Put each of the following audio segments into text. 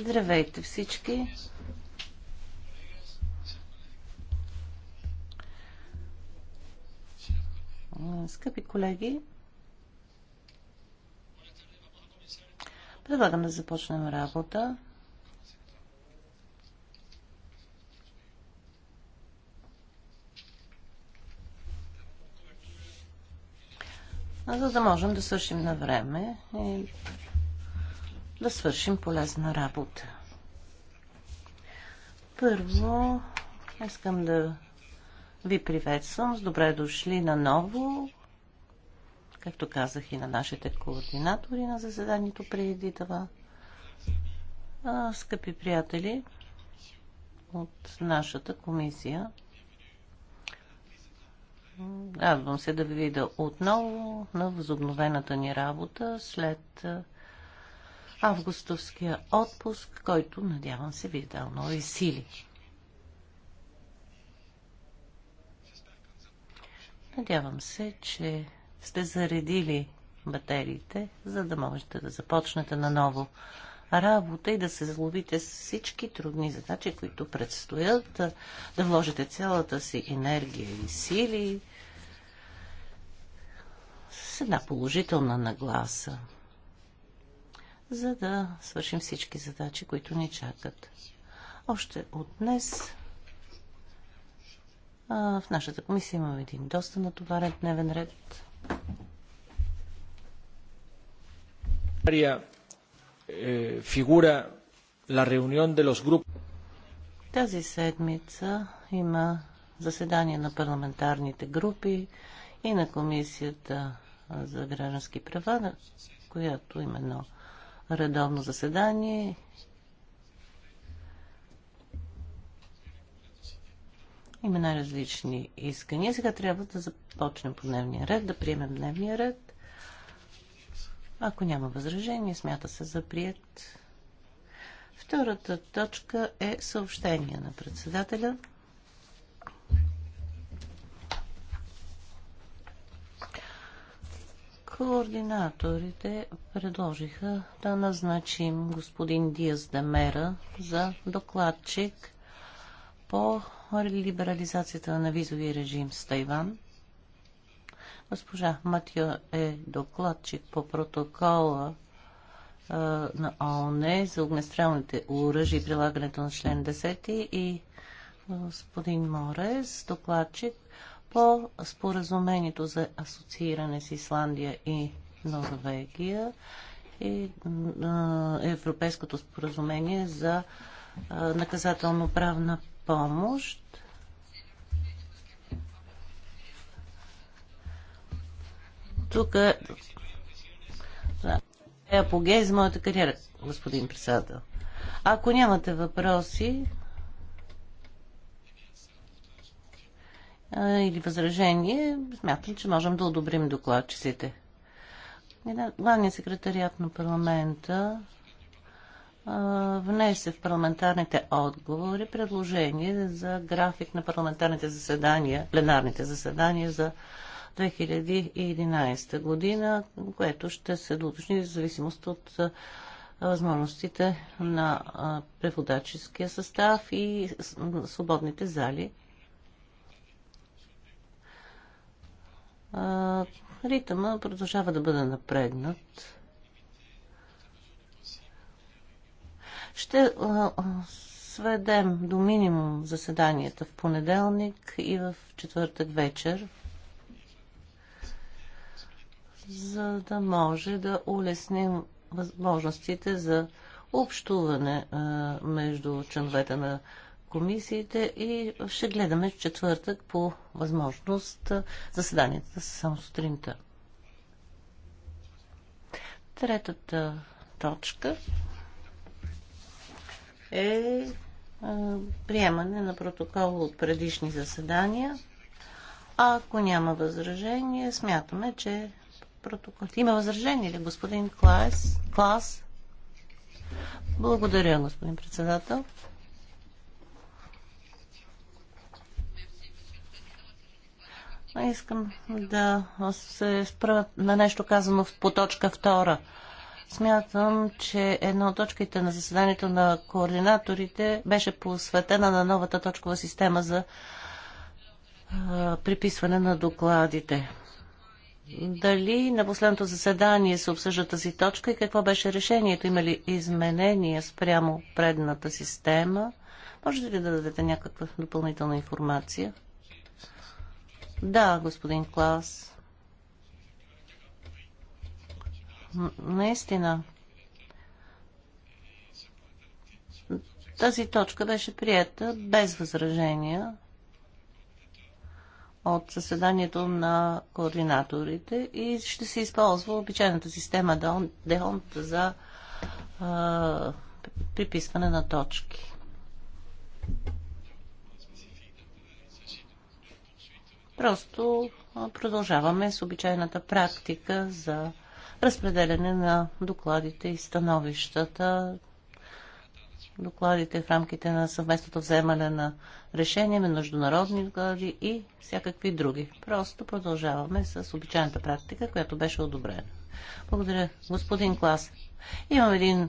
Здравейте всички! Скъпи колеги, предлагам да започнем работа. за да можем да свършим на време и да свършим полезна работа. Първо, искам да ви приветствам. С добре дошли наново, както казах и на нашите координатори на заседанието преди това. скъпи приятели от нашата комисия, радвам се да ви видя отново на възобновената ни работа след августовския отпуск, който надявам се ви е дал нови сили. Надявам се, че сте заредили батериите, за да можете да започнете наново работа и да се зловите с всички трудни задачи, които предстоят, да, да вложите цялата си енергия и сили с една положителна нагласа за да свършим всички задачи, които ни чакат. Още от днес а, в нашата комисия имаме един доста натоварен дневен ред. Е, фигура la reunión de los grupos. Тази седмица има заседание на парламентарните групи и на Комисията за граждански права, която която именно редовно заседание. Има най-различни искания. Сега трябва да започнем по дневния ред, да приемем дневния ред. Ако няма възражение, смята се за прият. Втората точка е съобщение на председателя. Координаторите предложиха да назначим господин Диас Демера за докладчик по либерализацията на визовия режим с Тайван. Госпожа Матио е докладчик по протокола а, на ООН за огнестрелните оръжия и прилагането на член 10 и господин Морес, докладчик по споразумението за асоцииране с Исландия и Норвегия и Европейското споразумение за наказателно-правна помощ. Тук е, е апогей за моята кариера, господин председател. Ако нямате въпроси, или възражение, смятам, че можем да одобрим докладчиците. Главният секретариат на парламента внесе в парламентарните отговори предложение за график на парламентарните заседания, пленарните заседания за 2011 година, което ще се доточни в зависимост от възможностите на преводаческия състав и свободните зали ритъма продължава да бъде напрегнат. Ще а, сведем до минимум заседанията в понеделник и в четвъртък вечер, за да може да улесним възможностите за общуване а, между членовете на комисиите и ще гледаме четвъртък по възможност заседанията са само сутринта. Третата точка е, е приемане на протокол от предишни заседания. А ако няма възражение, смятаме, че протокол... Има възражение ли, господин Клас? Клас? Благодаря, господин председател. Искам да се спра на нещо казано по точка втора. Смятам, че една от точките на заседанието на координаторите беше посветена на новата точкова система за приписване на докладите. Дали на последното заседание се обсъжда тази точка и какво беше решението? Има ли изменения спрямо предната система? Можете ли да дадете някаква допълнителна информация? Да, господин Клаус. Наистина. Тази точка беше прията без възражения от съседанието на координаторите и ще се използва обичайната система ДЕОНТ за а, приписване на точки. Просто продължаваме с обичайната практика за разпределяне на докладите и становищата. Докладите в рамките на съвместното вземане на решения на международни доклади и всякакви други. Просто продължаваме с обичайната практика, която беше одобрена. Благодаря, господин Клас. Имам един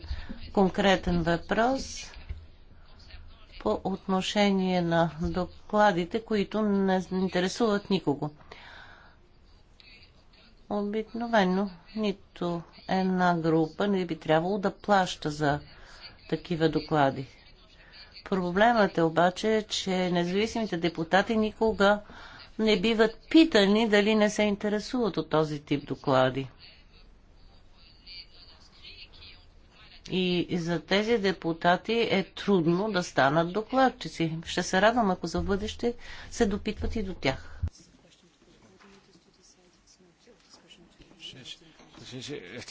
конкретен въпрос по отношение на докладите, които не интересуват никого. Обикновено нито една група не би трябвало да плаща за такива доклади. Проблемът е обаче, че независимите депутати никога не биват питани дали не се интересуват от този тип доклади. И за тези депутати е трудно да станат докладчици. Ще се радвам, ако за бъдеще се допитват и до тях.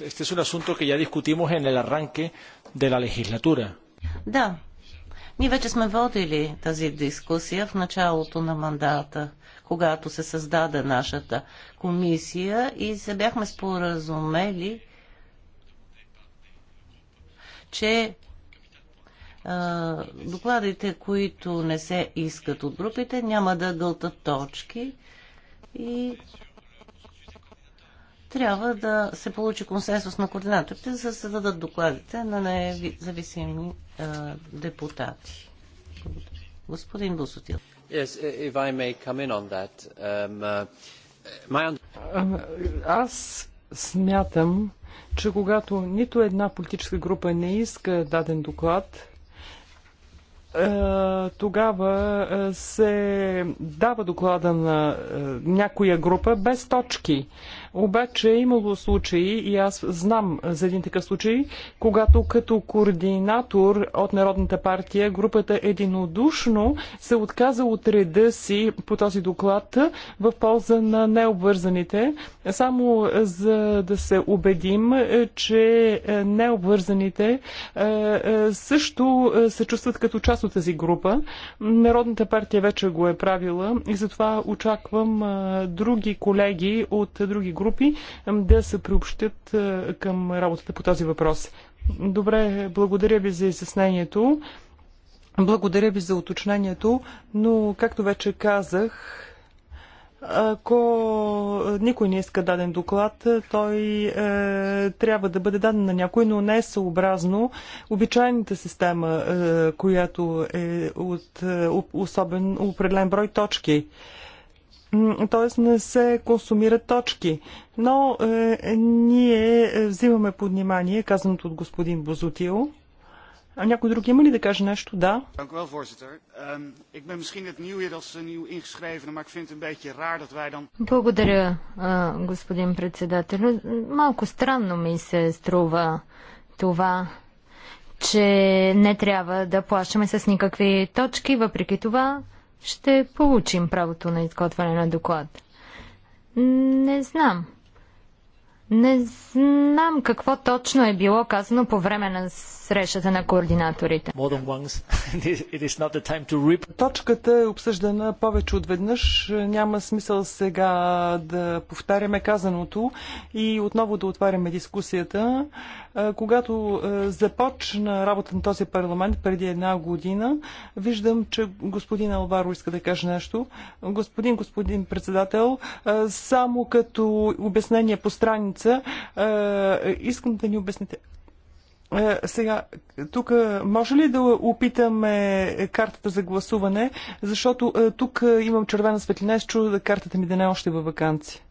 Este es un asunto que ya discutimos en el arranque de la legislatura. Да. Ние вече сме водили тази дискусия в началото на мандата, когато се създаде нашата комисия и се бяхме споразумели, че докладите, които не се искат от групите, няма да гълтат точки и трябва да се получи консенсус на координаторите, за да се дадат докладите на независими депутати. Господин Бусотил. Yes, if I may come in on that. Um, uh, my... Аз смятам, че когато нито една политическа група не иска даден доклад, е, тогава е, се дава доклада на е, някоя група без точки. Обаче е имало случаи, и аз знам за един такъв случай, когато като координатор от Народната партия групата единодушно се отказа от реда си по този доклад в полза на необвързаните, само за да се убедим, че необвързаните е, е, също се чувстват като част от тази група. Народната партия вече го е правила и затова очаквам е, други колеги от други групи групи да се приобщат към работата по този въпрос. Добре, благодаря ви за изяснението. Благодаря ви за уточнението, но както вече казах, ако никой не иска даден доклад, той е, трябва да бъде даден на някой, но не е съобразно обичайната система, е, която е от е, особен определен брой точки т.е. не се консумират точки. Но е, ние е, взимаме под внимание казаното от господин Бозотил. А някой друг има ли да каже нещо? Да. Dank u wel, voorzitter. Ehm, ik ben misschien nieuw hier als nieuw ingeschreven, maar ik vind het een beetje raar dat wij dan... Благодаря, господин председател. Малко странно ми се струва това, че не трябва да плащаме с никакви точки. Въпреки това, ще получим правото на изготвяне на доклад? Не знам. Не знам какво точно е било казано по време на срещата на координаторите. Точката е обсъждана повече от веднъж. Няма смисъл сега да повтаряме казаното и отново да отваряме дискусията. Когато започна работа на този парламент преди една година, виждам, че господин Алваро иска да каже нещо. Господин, господин председател, само като обяснение по страница, искам да ни обясните. Е, сега, тук може ли да опитаме картата за гласуване, защото е, тук имам червена светлина и се да картата ми да не е още във вакансия.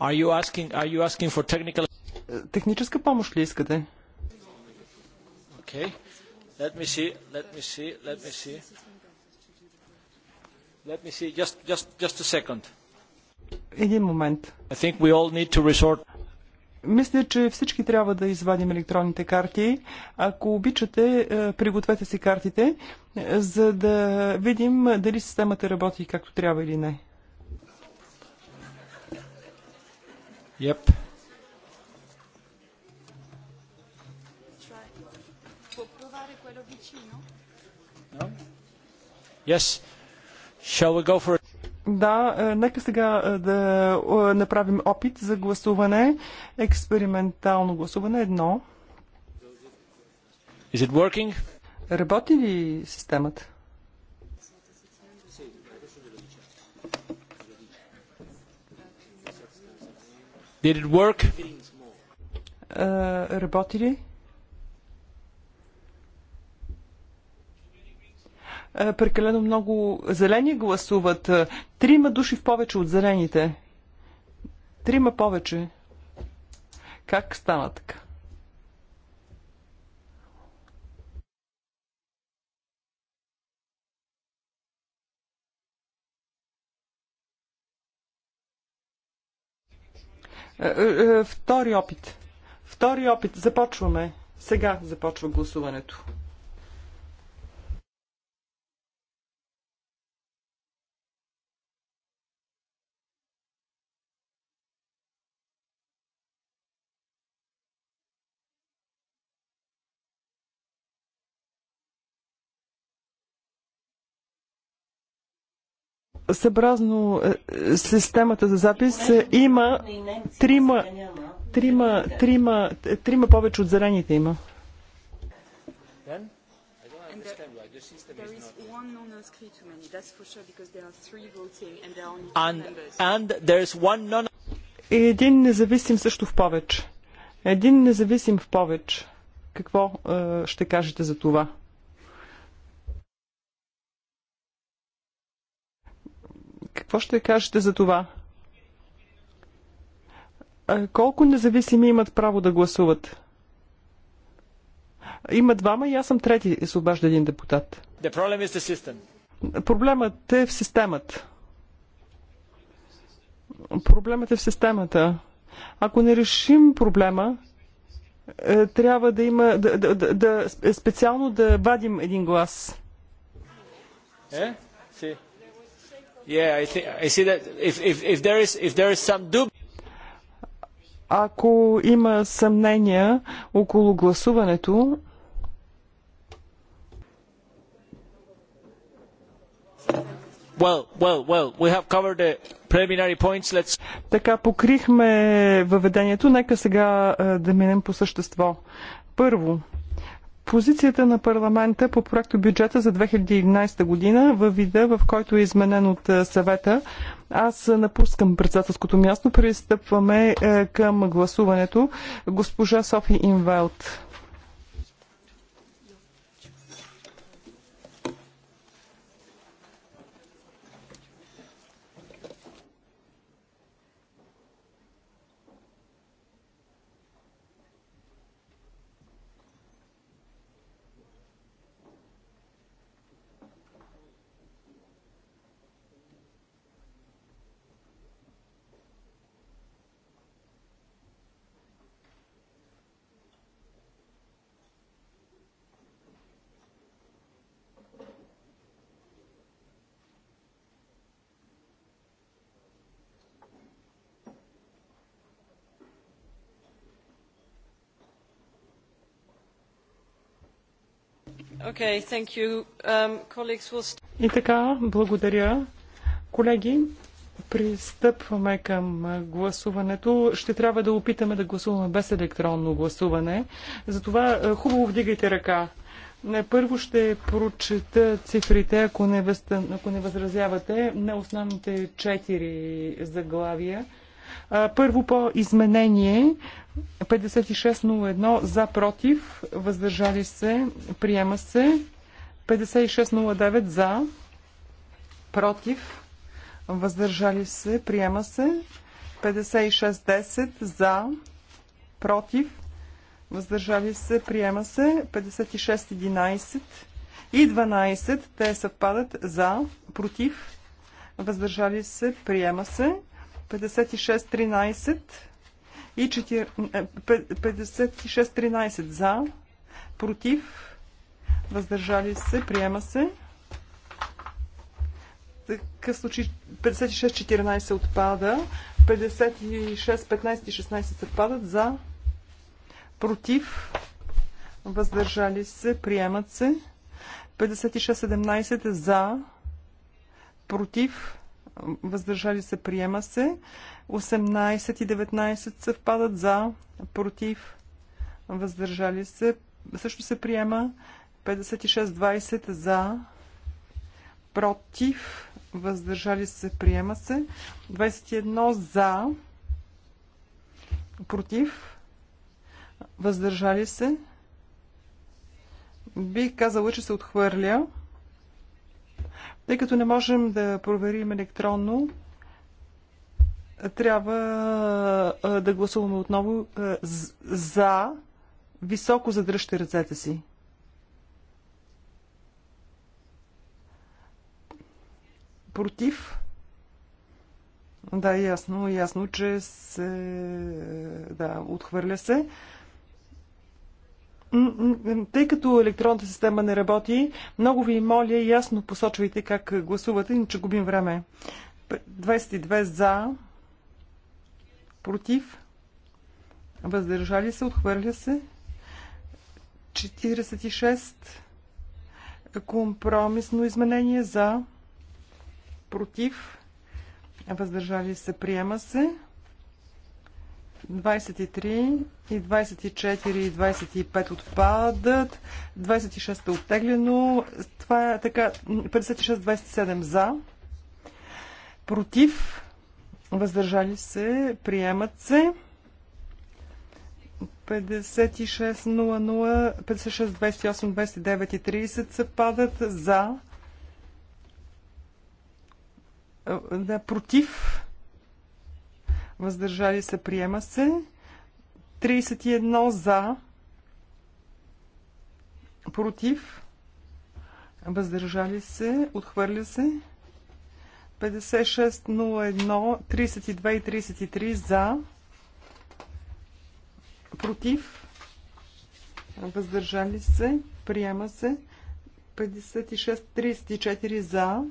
Are you asking, are you asking for technical... Е, техническа помощ ли искате? Okay. Let me see, let me see, let me see. Let me see, just, just, just a second. Един момент. I think we all need to resort мисля, че всички трябва да извадим електронните карти. Ако обичате, е, пригответе си картите, е, за да видим дали системата работи както трябва или не. Yep. Yes. Shall we go for да, е, нека сега е, да е, направим опит за гласуване. Експериментално гласуване едно. Is it working? Работи ли системата? Did it work? Uh, работи ли? Е, прекалено много зелени гласуват. Е, трима души в повече от зелените. Трима повече. Как стана така? Е, втори опит. Втори опит. Започваме. Сега започва гласуването. съобразно е, системата за запис е, има трима, трима, трима, трима повече от зелените има. И Един независим също в повече. Един независим в повече. Какво е, ще кажете за това? Какво ще кажете за това? Колко независими имат право да гласуват? Има двама и аз съм трети, се обажда един депутат. Проблемът е в системата. Проблемът е в системата. Ако не решим проблема, е, трябва да има, да, да, да, да специално да вадим един глас. Е? Си. Ако има съмнения около гласуването, Така покрихме въведението. Нека сега е, да минем по същество. Първо, Позицията на парламента по проекто бюджета за 2011 година във вида, в който е изменен от е, съвета. Аз напускам председателското място. Пристъпваме е, към гласуването. Госпожа Софи Инвелт. Okay, thank you. Um, colleagues will... И така, благодаря. Колеги, пристъпваме към гласуването. Ще трябва да опитаме да гласуваме без електронно гласуване. Затова хубаво вдигайте ръка. първо ще прочета цифрите, ако не, възразявате, на основните четири заглавия. Първо по изменение 5601 за против, въздържали се, приема се. 5609 за против, въздържали се, приема се. 5610 за против, въздържали се, приема се. 5611 и 12 те съвпадат за против, въздържали се, приема се. 56-13 и 56-13 е, за, против, въздържали се, приема се. такъв случай 56-14 отпада, 56-15 и 16 отпадат за, против, въздържали се, приемат се. 56-17 за, против, въздържали се, приема се. 18 и 19 съвпадат за, против, въздържали се, също се приема. 56-20 за, против, въздържали се, приема се. 21 за, против, въздържали се. Бих казала, че се отхвърля. Тъй като не можем да проверим електронно, трябва да гласуваме отново за. Високо задръжте ръцете си. Против. Да, ясно, ясно, че се... Да, отхвърля се. Тъй като електронната система не работи, много ви моля ясно посочвайте как гласувате, иначе губим време. 22 за, против, въздържали се, отхвърля се. 46 компромисно изменение за, против, въздържали се, приема се. 23 и 24 и 25 отпадат. 26 е оттеглено. Това е така. 56-27 за. Против. Въздържали се. Приемат се. 56-00, 56-28, 29 и 30 се падат за. Е, да, против въздържали се, приема се. 31 за, против, въздържали се, отхвърля се. 5601, 32 и 33 за, против, въздържали се, приема се. 56, 34 за,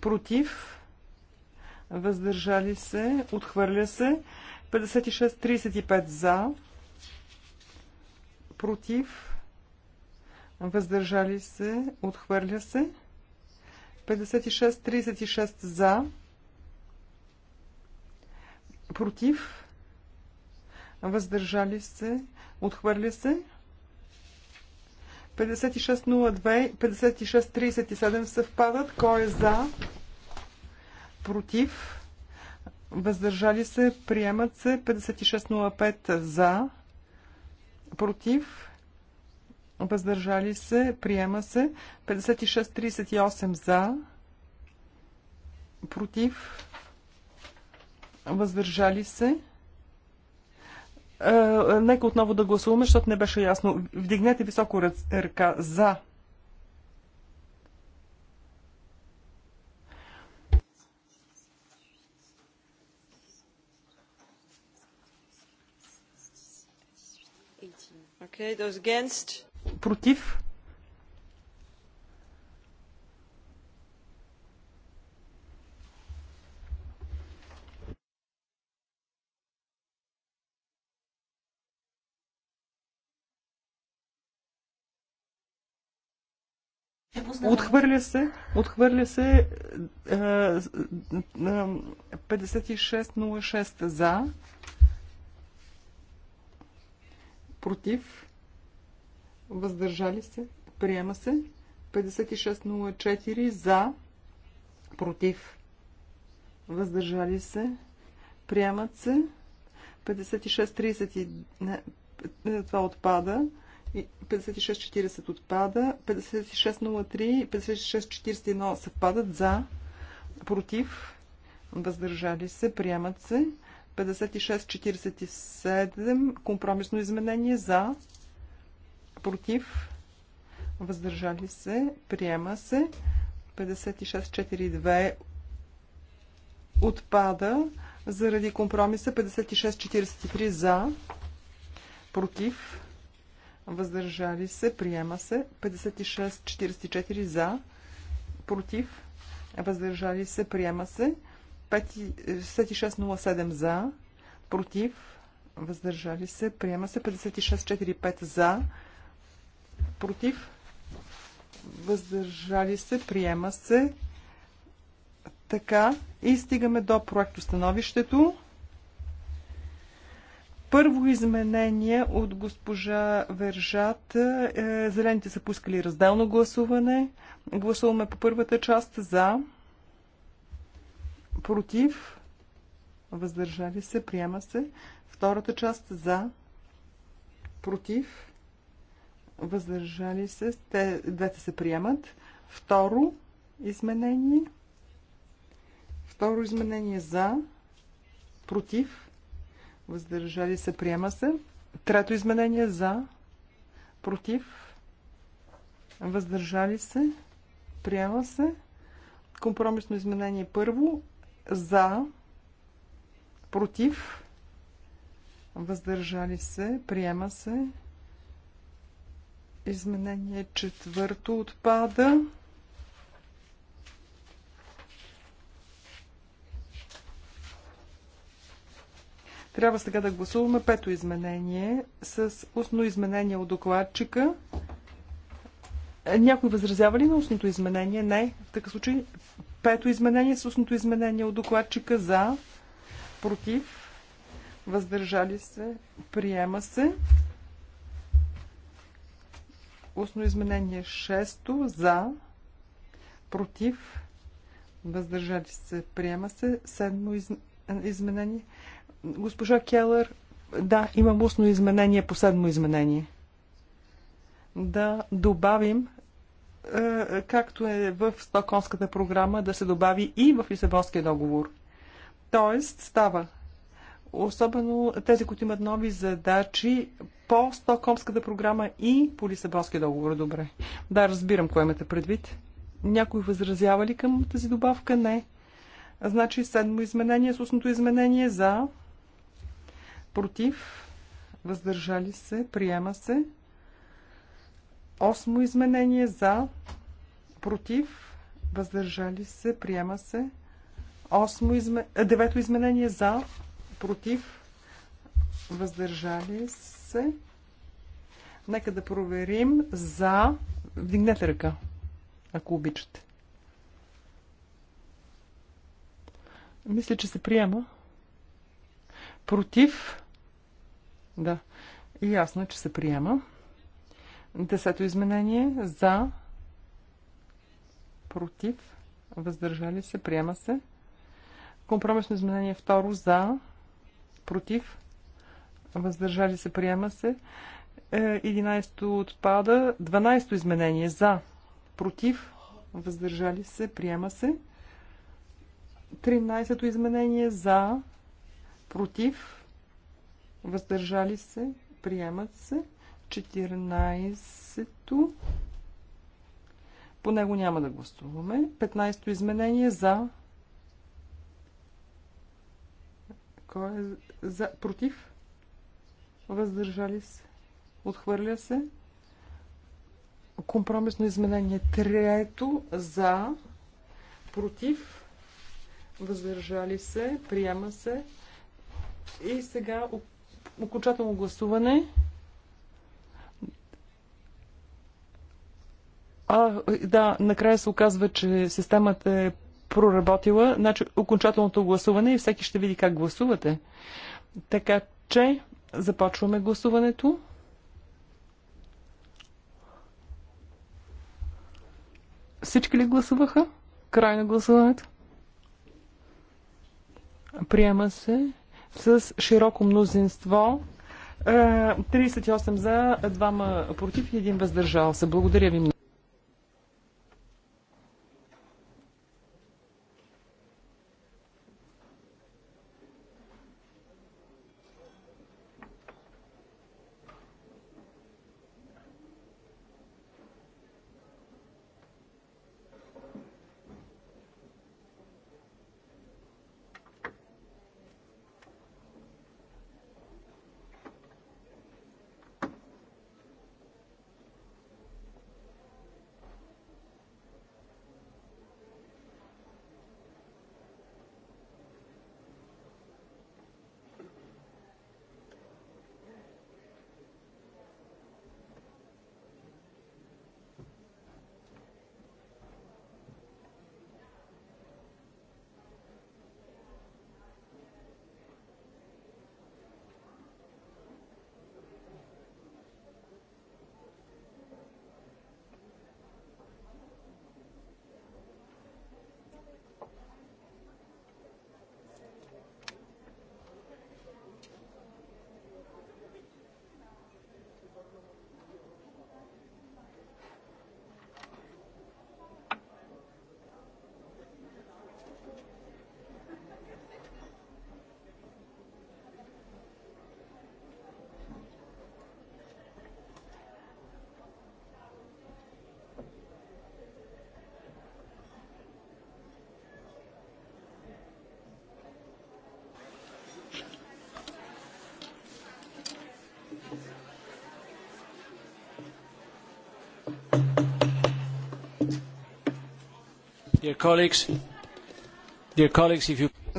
против, въздържали се, отхвърля се. 56-35 за, против, въздържали се, отхвърля се. 56-36 за, против, въздържали се, отхвърля се. 56-02, 56-37 съвпадат. Кой е за? против, въздържали се, приемат се 5605 за, против, въздържали се, приема се 5638 за, против, въздържали се. Е, е, нека отново да гласуваме, защото не беше ясно. Вдигнете високо ръка за Против. Отхвърля се, отхвърля се е, е, 5606 е, за, против, въздържали се, приема се. 5604 за, против, въздържали се, приемат се. 5630 това отпада. 5640 отпада. 5603 и 5641 съвпадат за, против, въздържали се, приемат се. 56-47 компромисно изменение за, против, въздържали се, приема се. 56-42 отпада заради компромиса. 56-43 за, против, въздържали се, приема се. 56-44 за, против, въздържали се, приема се. 5607 за, против, въздържали се, приема се 5645 за, против, въздържали се, приема се. Така и стигаме до проектостановището. Първо изменение от госпожа Вержат. Е, зелените са пускали разделно гласуване. Гласуваме по първата част за против, въздържали се, приема се. Втората част за, против, въздържали се, те, двете се приемат. Второ изменение, второ изменение за, против, въздържали се, приема се. Трето изменение за, против, въздържали се, приема се. Компромисно изменение първо за, против, въздържали се, приема се. Изменение четвърто отпада. Трябва сега да гласуваме пето изменение с устно изменение от докладчика. Някой възразява ли на устното изменение? Не. В такъв случай пето изменение с устното изменение от докладчика за, против, въздържали се, приема се. Устно изменение 6 за, против, въздържали се, приема се. Седмо из... изменение. Госпожа Келър, да, имам устно изменение по седмо изменение да добавим е, както е в Стоконската програма, да се добави и в Лисабонския договор. Тоест, става. Особено тези, които имат нови задачи по Стокомската програма и по Лисабонския договор. Добре. Да, разбирам кое имате предвид. Някой възразява ли към тази добавка? Не. Значи седмо изменение, сусното изменение за против, въздържали се, приема се. Осмо изменение за, против, въздържали се, приема се. Осмо изме... Е, девето изменение за, против, въздържали се. Нека да проверим за... Вдигнете ръка, ако обичате. Мисля, че се приема. Против. Да. И ясно, че се приема. Десето изменение за, против, въздържали се, приема се. Компромисно изменение второ за, против, въздържали се, приема се. 11 е, отпада. 12 изменение за, против, въздържали се, приема се. 13-то изменение за, против, въздържали се, приемат се. 14-то. По него няма да гласуваме. 15-то изменение за. Кой е за? Против? Въздържали се? Отхвърля се? Компромисно изменение трето за. Против? Въздържали се? Приема се? И сега окончателно гласуване. А, да, накрая се оказва, че системата е проработила, значи окончателното гласуване и всеки ще види как гласувате. Така че започваме гласуването. Всички ли гласуваха? Край на гласуването. Приема се с широко мнозинство. 38 е, за, 2 против и 1 въздържал се. Благодаря ви много.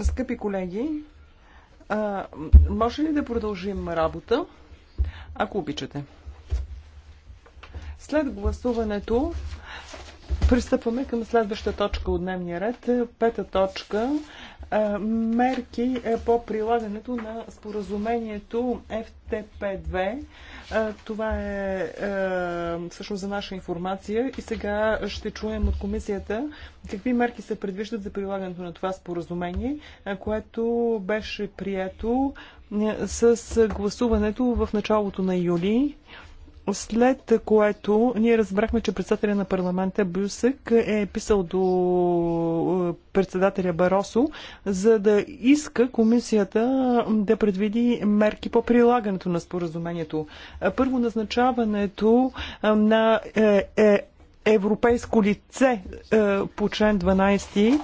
Скъпи колеги, може ли да продължим работа, ако обичате? След гласуването пристъпваме към следваща точка от дневния ред, пета точка мерки по прилагането на споразумението FTP2 това е всъщност за наша информация и сега ще чуем от комисията какви мерки се предвиждат за прилагането на това споразумение, което беше прието с гласуването в началото на юли след което ние разбрахме, че председателя на парламента Бюсък е писал до е, председателя Баросо, за да иска комисията да предвиди мерки по прилагането на споразумението. Първо назначаването е, на е, европейско лице по член 12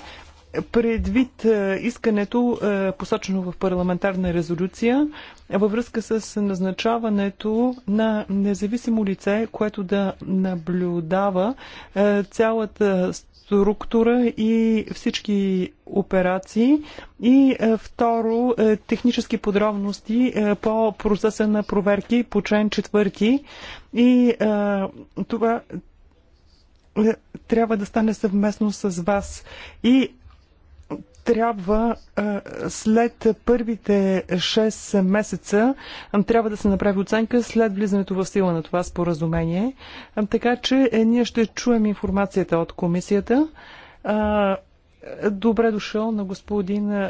предвид е, искането, е, посочено в парламентарна резолюция, във връзка с назначаването на независимо лице, което да наблюдава е, цялата структура и всички операции. И второ, технически подробности по процеса на проверки по член четвърти. И това трябва да стане съвместно с вас. И трябва е, след първите 6 месеца е, трябва да се направи оценка след влизането в сила на това споразумение. Е, така че ние ще чуем информацията от комисията. Добре дошъл на господин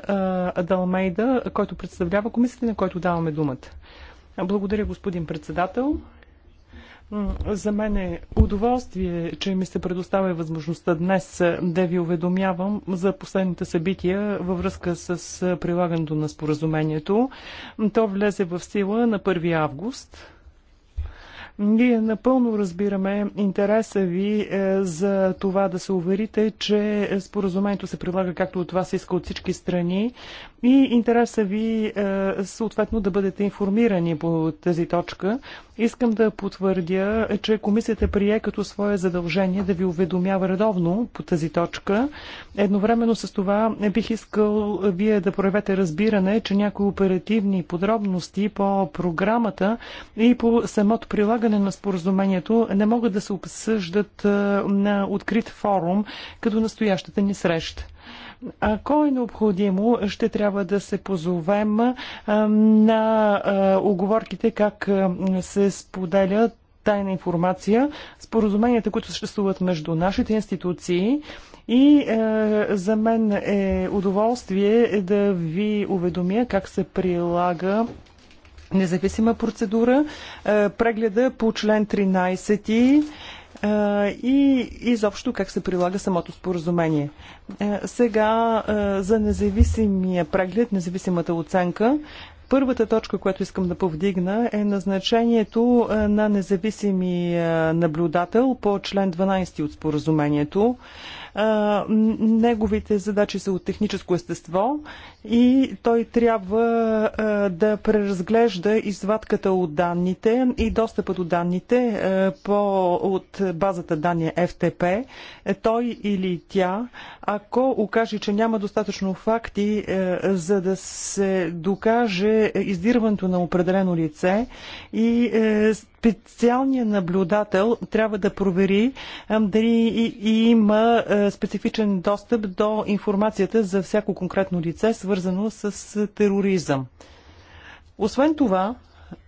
Адалмейда, който представлява комисията, на който даваме думата. Благодаря, господин председател. За мен е удоволствие, че ми се предоставя възможността днес е, да ви уведомявам за последните събития във връзка с е, прилагането на споразумението. То влезе в сила на 1 август. Ние напълно разбираме интереса ви е, за това да се уверите, че споразумението се прилага както от вас иска от всички страни. И интереса ви е, съответно да бъдете информирани по тази точка. Искам да потвърдя, че комисията прие като свое задължение да ви уведомява редовно по тази точка. Едновременно с това бих искал вие да проявете разбиране, че някои оперативни подробности по програмата и по самото прилагане на споразумението не могат да се обсъждат е, на открит форум, като настоящата ни среща. Ако е необходимо, ще трябва да се позовем на оговорките как се споделят тайна информация, споразуменията, които съществуват между нашите институции. И е, за мен е удоволствие да ви уведомя как се прилага независима процедура. Е, прегледа по член 13 и изобщо как се прилага самото споразумение. Сега за независимия преглед, независимата оценка, Първата точка, която искам да повдигна е назначението на независими наблюдател по член 12 от споразумението. Неговите задачи са от техническо естество и той трябва да преразглежда извадката от данните и достъпа до данните по, от базата данни FTP. Е, той или тя, ако окаже, че няма достатъчно факти е, за да се докаже издирването на определено лице и е, специалният наблюдател трябва да провери дали има е, специфичен достъп до информацията за всяко конкретно лице, свързано с е, тероризъм. Освен това,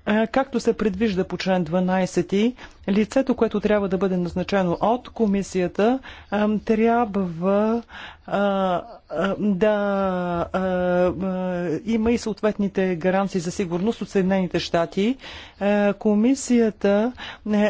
е, както се предвижда по член 12, лицето, което трябва да бъде назначено от комисията, е, трябва е, да има и съответните гаранции за сигурност от Съединените щати. Комисията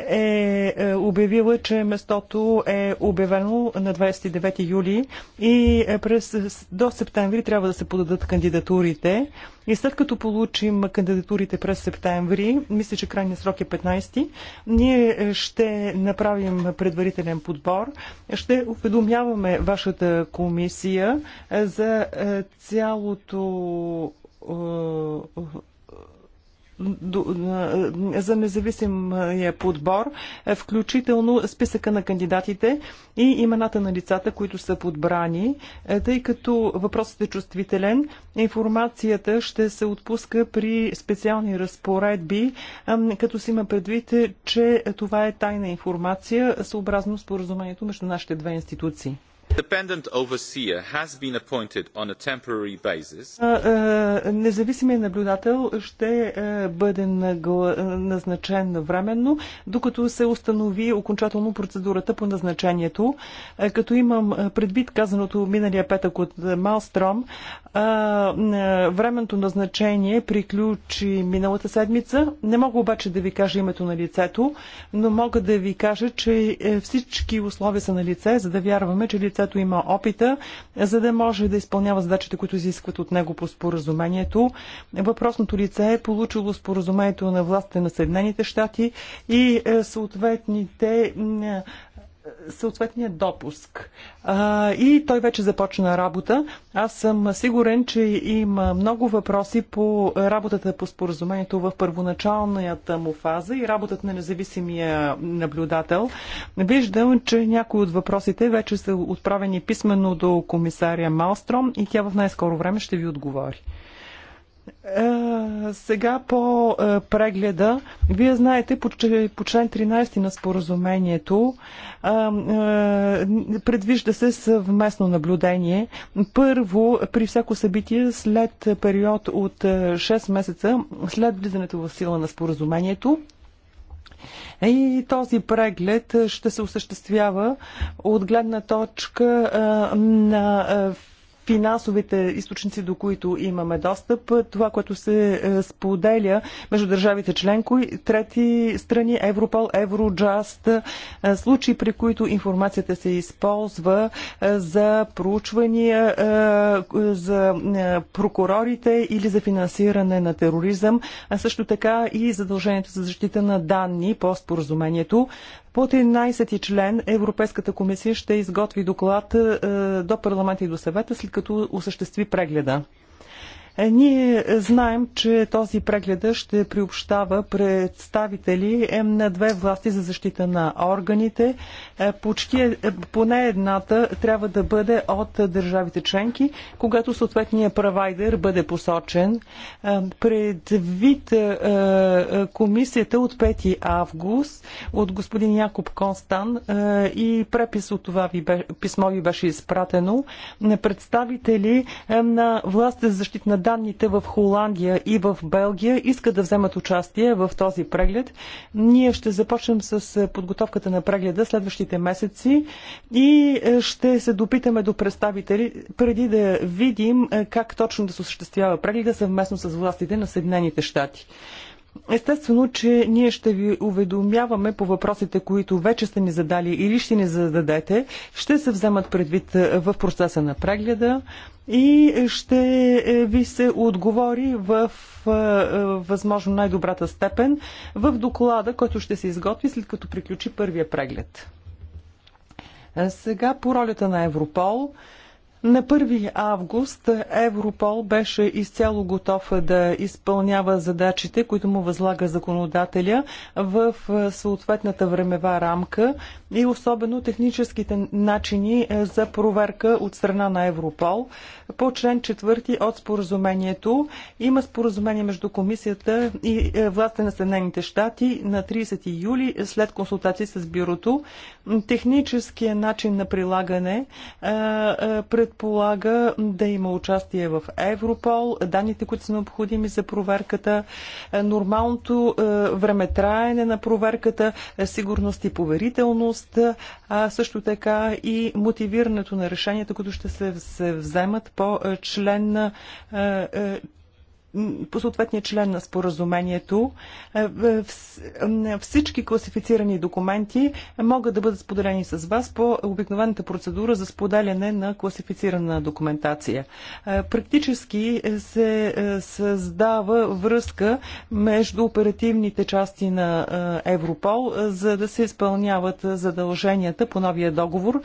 е обявила, че местото е обявено на 29 юли и през, до септември трябва да се подадат кандидатурите. И след като получим кандидатурите през септември, ноември, мисля, че крайният срок е 15, ние е, ще направим предварителен подбор, ще уведомяваме вашата комисия е, за е, цялото за независимия подбор, е, включително списъка на кандидатите и имената на лицата, които са подбрани, е, тъй като въпросът е чувствителен. Информацията ще се отпуска при специални разпоредби, като си има предвид, че това е тайна информация, съобразно споразумението между нашите две институции. Independent overseer has been appointed on a temporary basis. Независимият наблюдател ще бъде назначен временно, докато се установи окончателно процедурата по назначението. Като имам предвид казаното миналия петък от Малстром, временното назначение приключи миналата седмица. Не мога обаче да ви кажа името на лицето, но мога да ви кажа, че е, всички условия са на лице, за да вярваме, че лицето лицето има опита, за да може да изпълнява задачите, които изискват от него по споразумението. Въпросното лице е получило споразумението на властите на Съединените щати и е, съответните съответния допуск. А, и той вече започна работа. Аз съм сигурен, че има много въпроси по работата по споразумението в първоначалната му фаза и работата на независимия наблюдател. Виждам, че някои от въпросите вече са отправени писменно до комисаря Малстром и тя в най-скоро време ще ви отговори. Е, сега по е, прегледа. Вие знаете, по, член 13 на споразумението е, предвижда се съвместно наблюдение. Първо, при всяко събитие, след период от 6 месеца, след влизането в сила на споразумението, и този преглед ще се осъществява от гледна точка на финансовите източници, до които имаме достъп, това, което се е, споделя между държавите членко и трети страни, Европол, Евроджаст, е, случаи, при които информацията се използва е, за проучвания, за прокурорите или за финансиране на тероризъм, а също така и задължението за защита на данни по споразумението. По 13 член Европейската комисия ще изготви доклад е, до парламента и до съвета, след като осъществи прегледа. Е, ние знаем, че този преглед ще приобщава представители на две власти за защита на органите. Е, почти, е, поне едната трябва да бъде от държавите членки, когато съответният провайдер бъде посочен. Предвид комисията от 5 август от господин Якоб Констан и препис от това ви бе, писмо ви беше изпратено на представители на власти за защита на данните в Холандия и в Белгия искат да вземат участие в този преглед. Ние ще започнем с е, подготовката на прегледа следващите месеци и е, ще се допитаме до представители преди да видим е, как точно да се осъществява прегледа съвместно с властите на Съединените щати. Естествено, че ние ще ви уведомяваме по въпросите, които вече сте ни задали или ще ни зададете. Ще се вземат предвид е, в процеса на прегледа и ще е, ви се отговори в е, възможно най-добрата степен в доклада, който ще се изготви след като приключи първия преглед. Сега по ролята на Европол. На 1 август Европол беше изцяло готов да изпълнява задачите, които му възлага законодателя в съответната времева рамка и особено техническите начини за проверка от страна на Европол. По член 4 от споразумението има споразумение между комисията и е, властта на Съединените щати на 30 юли след консултации с бюрото. Техническия начин на прилагане е, е, пред предполага да има участие в Европол, данните, които са необходими за проверката, е, нормалното е, времетраене на проверката, е, сигурност и поверителност, а също така и мотивирането на решенията, които ще се вземат по член по съответния член на споразумението е, е, всички класифицирани документи могат да бъдат споделени с вас по обикновената процедура за споделяне на класифицирана документация. Е, практически се създава връзка между оперативните части на Европол, за да се изпълняват задълженията по новия договор.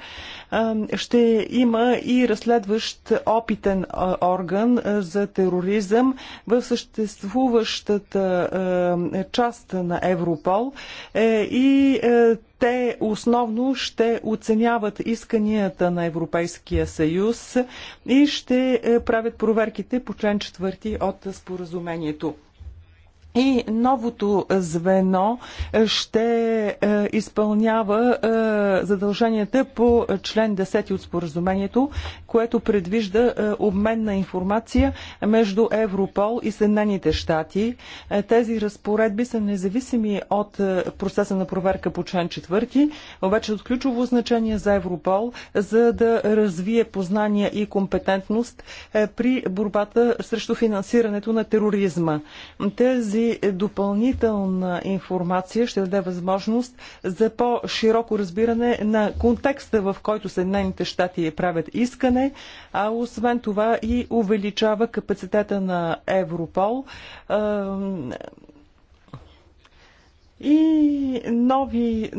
Ще има и разследващ опитен орган за тероризъм, в съществуващата е, част на Европол е, и е, те основно ще оценяват исканията на Европейския съюз и ще правят проверките по член 4 от споразумението. И новото звено ще е, изпълнява е, задълженията по член 10 от споразумението, което предвижда е, обмен на информация между Европол и Съединените щати. Тези разпоредби са независими от процеса на проверка по член 4, обаче от ключово значение за Европол, за да развие познания и компетентност при борбата срещу финансирането на тероризма. Тези е допълнителна информация ще даде възможност за по-широко разбиране на контекста, в който Съединените щати правят искане, а освен това и увеличава капацитета на Европол и нови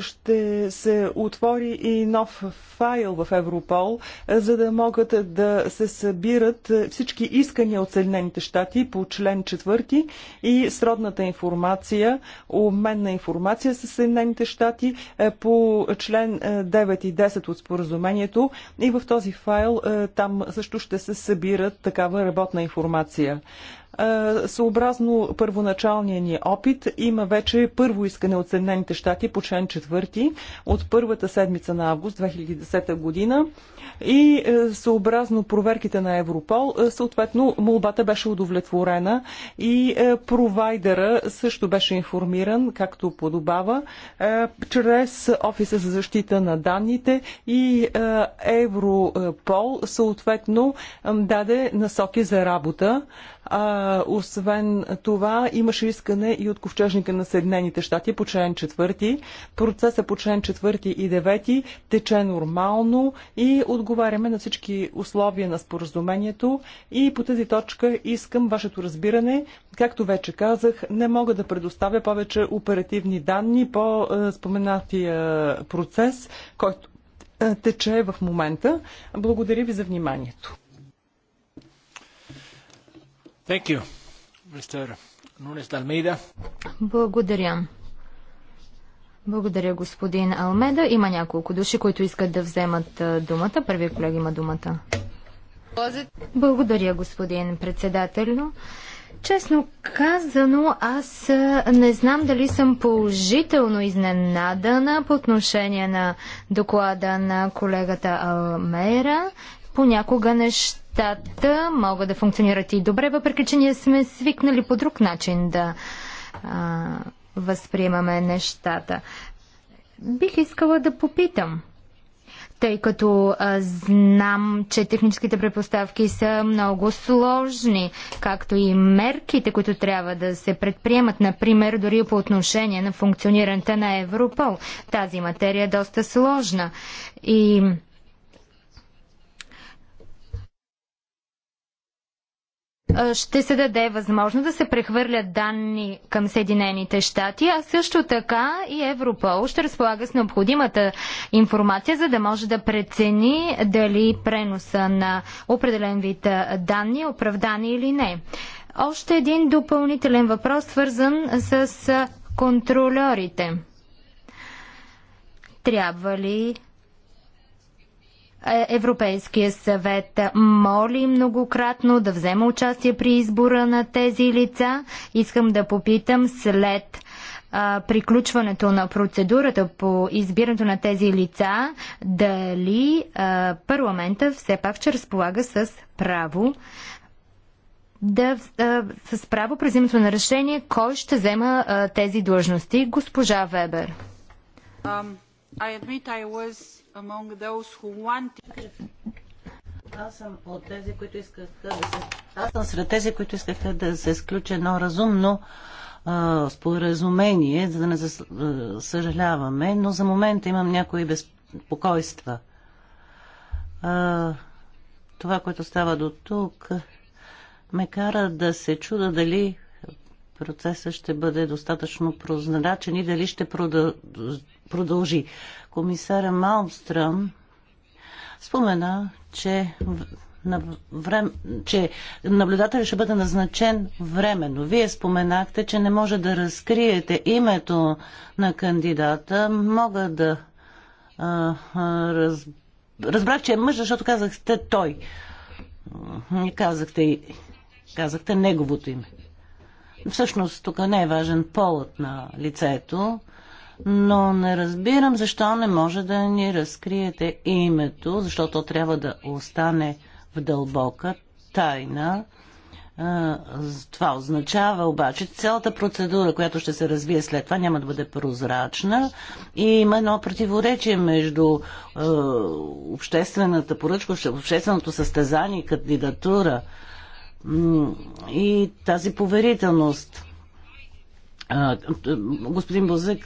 ще се отвори и нов файл в Европол, е, за да могат да се събират е, всички искания от Съединените щати по член 4 и сродната информация, обменна информация с Съединените щати е, по член 9 и 10 от споразумението и в този файл там също ще се събират такава работна информация. Е, съобразно първоначалния ни опит има вече първо искане от Съединените щати по член 4 от първата седмица на август 2010 година и е, съобразно проверките на Европол, е, съответно молбата беше удовлетворена и провайдера също беше информиран, както подобава, чрез Офиса за защита на данните и Европол съответно даде насоки за работа. А, освен това, имаше искане и от ковчежника на Съединените щати по член 4. Процеса по член 4 и 9 тече нормално и отговаряме на всички условия на споразумението. И по тази точка искам вашето разбиране. Както вече казах, не мога да предоставя повече оперативни данни по е, споменатия процес, който е, тече в момента. Благодаря ви за вниманието. Благодаря. Благодаря, господин Алмеда. Има няколко души, които искат да вземат думата. Първият колега има думата. Благодаря, господин председател. Честно казано, аз не знам дали съм положително изненадана по отношение на доклада на колегата Алмера. Понякога нещата могат да функционират и добре, въпреки че ние сме свикнали по друг начин да а, възприемаме нещата. Бих искала да попитам тъй като а, знам, че техническите предпоставки са много сложни, както и мерките, които трябва да се предприемат, например, дори по отношение на функционирането на Европол. Тази материя е доста сложна и ще се даде възможно да се прехвърлят данни към Съединените щати, а също така и Европол ще разполага с необходимата информация, за да може да прецени дали преноса на определен вид данни е оправдан или не. Още един допълнителен въпрос, свързан с контролерите. Трябва ли е, Европейския съвет моли многократно да взема участие при избора на тези лица. Искам да попитам след приключването на процедурата по избирането на тези лица, дали парламента все пак ще разполага с право да с право през на решение кой ще взема а, тези длъжности. Госпожа Вебер. Um, I admit I was among those who wanted... Аз съм от тези, които искаха да се... Аз съм сред тези, които искаха да се изключи едно разумно споразумение, за да не съжаляваме, но за момента имам някои безпокойства. А, това, което става до тук, ме кара да се чуда дали процесът ще бъде достатъчно прозначен и дали ще продължи продължи. Комисара Малмстрън спомена, че на врем... че наблюдателя ще бъде назначен временно. Вие споменахте, че не може да разкриете името на кандидата. Мога да а, а, раз... разбрах, че е мъж, защото казахте той. Не казахте, казахте неговото име. Всъщност тук не е важен полът на лицето но не разбирам защо не може да ни разкриете името, защото трябва да остане в дълбока тайна. Това означава обаче, че цялата процедура, която ще се развие след това, няма да бъде прозрачна и има едно противоречие между е, обществената поръчка, общественото състезание, кандидатура и тази поверителност. Господин Бузък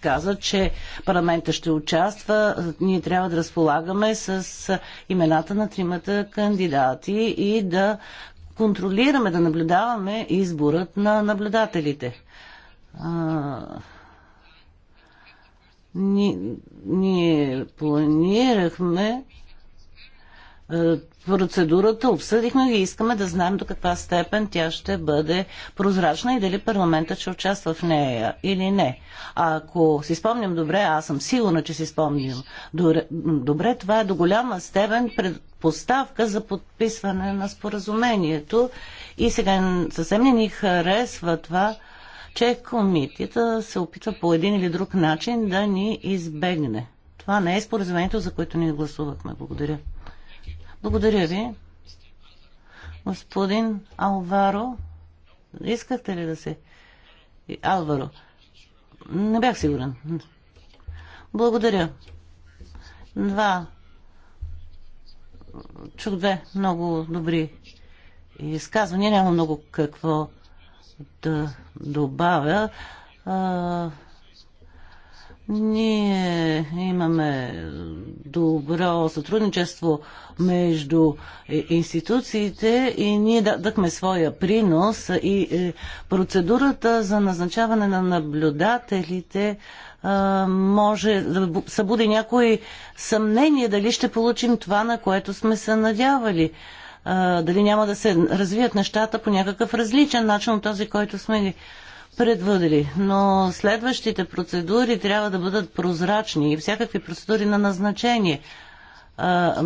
каза, че парламента ще участва. Ние трябва да разполагаме с имената на тримата кандидати и да контролираме, да наблюдаваме изборът на наблюдателите. А, ние планирахме е, процедурата, обсъдихме и искаме да знаем до каква степен тя ще бъде прозрачна и дали парламента ще участва в нея или не. А ако си спомням добре, аз съм сигурна, че си спомням добре, това е до голяма степен предпоставка за подписване на споразумението и сега съвсем не ни харесва това, че комитета се опитва по един или друг начин да ни избегне. Това не е споразумението, за което ние гласувахме. Благодаря. Благодаря ви. Господин Алваро, искахте ли да се... Алваро, не бях сигурен. Благодаря. Два. Чух две много добри изказвания. Няма много какво да добавя. Ние имаме добро сътрудничество между институциите и ние дадахме своя принос и е, процедурата за назначаване на наблюдателите е, може да събуди някои съмнение дали ще получим това, на което сме се надявали. Е, дали няма да се развият нещата по някакъв различен начин от този, който сме ги предвъдели. Но следващите процедури трябва да бъдат прозрачни и всякакви процедури на назначение. А,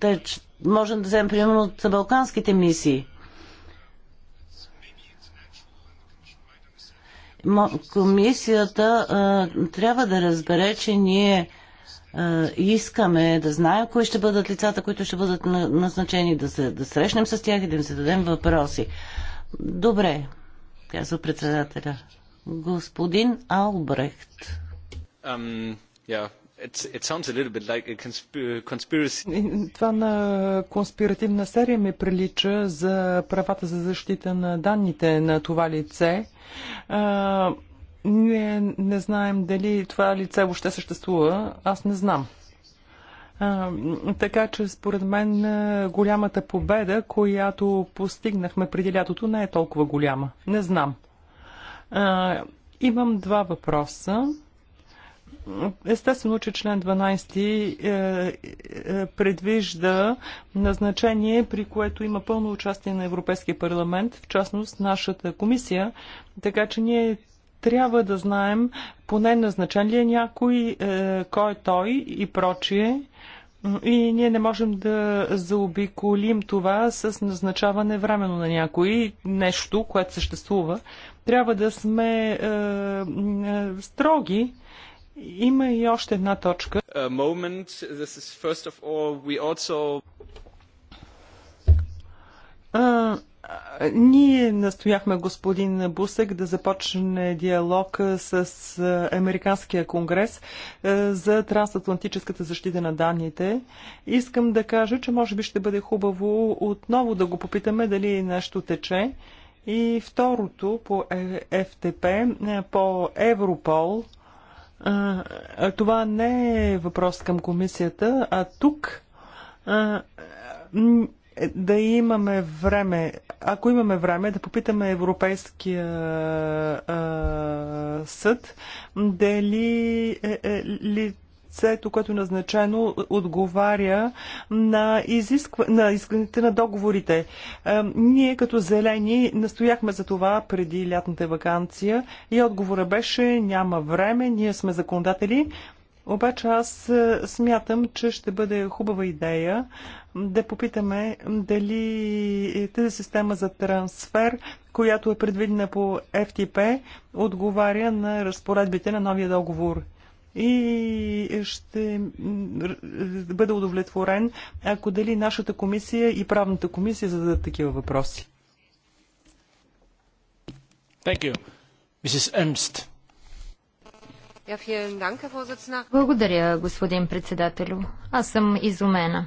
те, можем да вземем примерно от балканските мисии. Комисията а, трябва да разбере, че ние а, искаме да знаем кои ще бъдат лицата, които ще бъдат назначени, да се да срещнем с тях и да им зададем въпроси. Добре, казва председателя. Господин Албрехт. Um, yeah. Това на конспиративна серия ми прилича за правата за защита на данните на това лице. А, ние не знаем дали това лице въобще съществува. Аз не знам. Така че според мен голямата победа, която постигнахме преди лятото, не е толкова голяма. Не знам. Имам два въпроса. Естествено, че член 12 е, е, предвижда назначение, при което има пълно участие на Европейския парламент, в частност нашата комисия, така че ние трябва да знаем поне назначен ли е някой, е, кой е той и прочие. И ние не можем да заобиколим това с назначаване времено на някой нещо, което съществува. Трябва да сме е, е, строги. Има и още една точка. Uh, ние настояхме господин Бусек да започне диалог с Американския конгрес за трансатлантическата защита на данните. Искам да кажа, че може би ще бъде хубаво отново да го попитаме дали нещо тече. И второто по е, е ФТП, по Европол. Това не е въпрос към комисията, а тук да имаме време, ако имаме време, да попитаме Европейския а, съд дали е, е, ли лицето, което е назначено, отговаря на, изисква... на исканите на договорите. Е, ние като зелени настояхме за това преди лятната вакансия и отговора беше няма време, ние сме законодатели, обаче аз е, смятам, че ще бъде хубава идея да попитаме дали тази система за трансфер, която е предвидена по FTP, отговаря на разпоредбите на новия договор и ще е, бъда удовлетворен, ако дали нашата комисия и правната комисия зададат такива въпроси. Thank you. Mrs. Ernst. Благодаря, господин председателю. Аз съм изумена.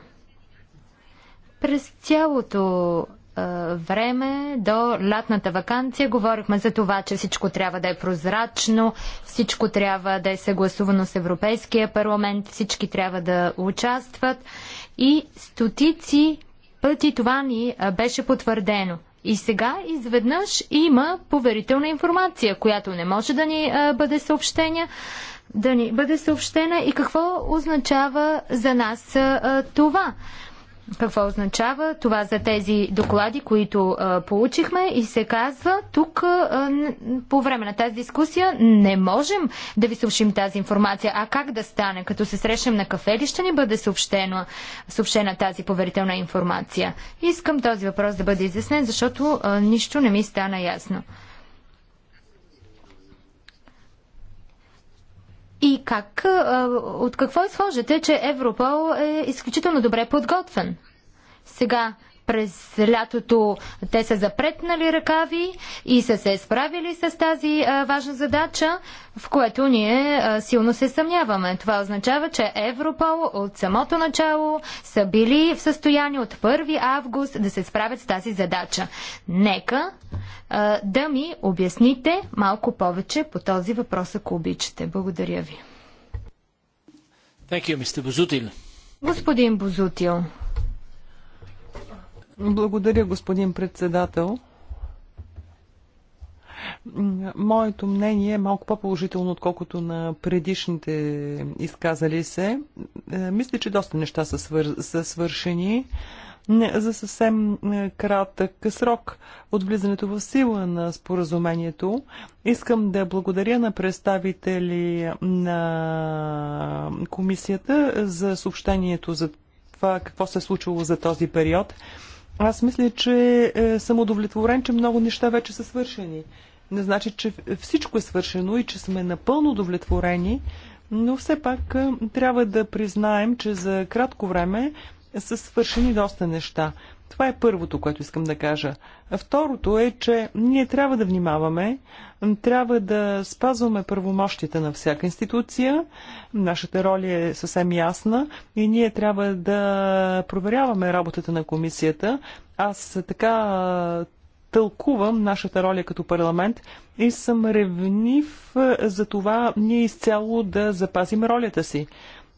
През цялото е, време до лятната вакансия говорихме за това, че всичко трябва да е прозрачно, всичко трябва да е съгласувано с Европейския парламент, всички трябва да участват и стотици пъти това ни беше потвърдено – и сега изведнъж има поверителна информация, която не може да ни а, бъде съобщена, да ни бъде съобщена и какво означава за нас а, това. Какво означава това за тези доклади, които а, получихме и се казва тук а, по време на тази дискусия не можем да ви съобщим тази информация. А как да стане? Като се срещнем на кафе ли ще ни бъде съобщена, съобщена тази поверителна информация? Искам този въпрос да бъде изяснен, защото а, нищо не ми стана ясно. И как, от какво изхождате, че Европол е изключително добре подготвен? Сега, през лятото те са запретнали ръкави и са се справили с тази а, важна задача, в което ние а, силно се съмняваме. Това означава, че Европол от самото начало са били в състояние от 1 август да се справят с тази задача. Нека а, да ми обясните малко повече по този въпрос, ако обичате. Благодаря ви. Thank you, Mr. Господин Бозутил. Благодаря, господин председател. Моето мнение е малко по-положително, отколкото на предишните изказали се. Е, мисля, че доста неща са, свър... са свършени за съвсем е, кратък срок от влизането в сила на споразумението. Искам да благодаря на представители на комисията за съобщението за това какво се е случило за този период. Аз мисля, че е, съм удовлетворен, че много неща вече са свършени. Не значи, че всичко е свършено и че сме напълно удовлетворени, но все пак е, трябва да признаем, че за кратко време са свършени доста неща. Това е първото, което искам да кажа. Второто е, че ние трябва да внимаваме, трябва да спазваме първомощите на всяка институция. Нашата роля е съвсем ясна и ние трябва да проверяваме работата на комисията. Аз така тълкувам нашата роля като парламент и съм ревнив за това ние изцяло да запазим ролята си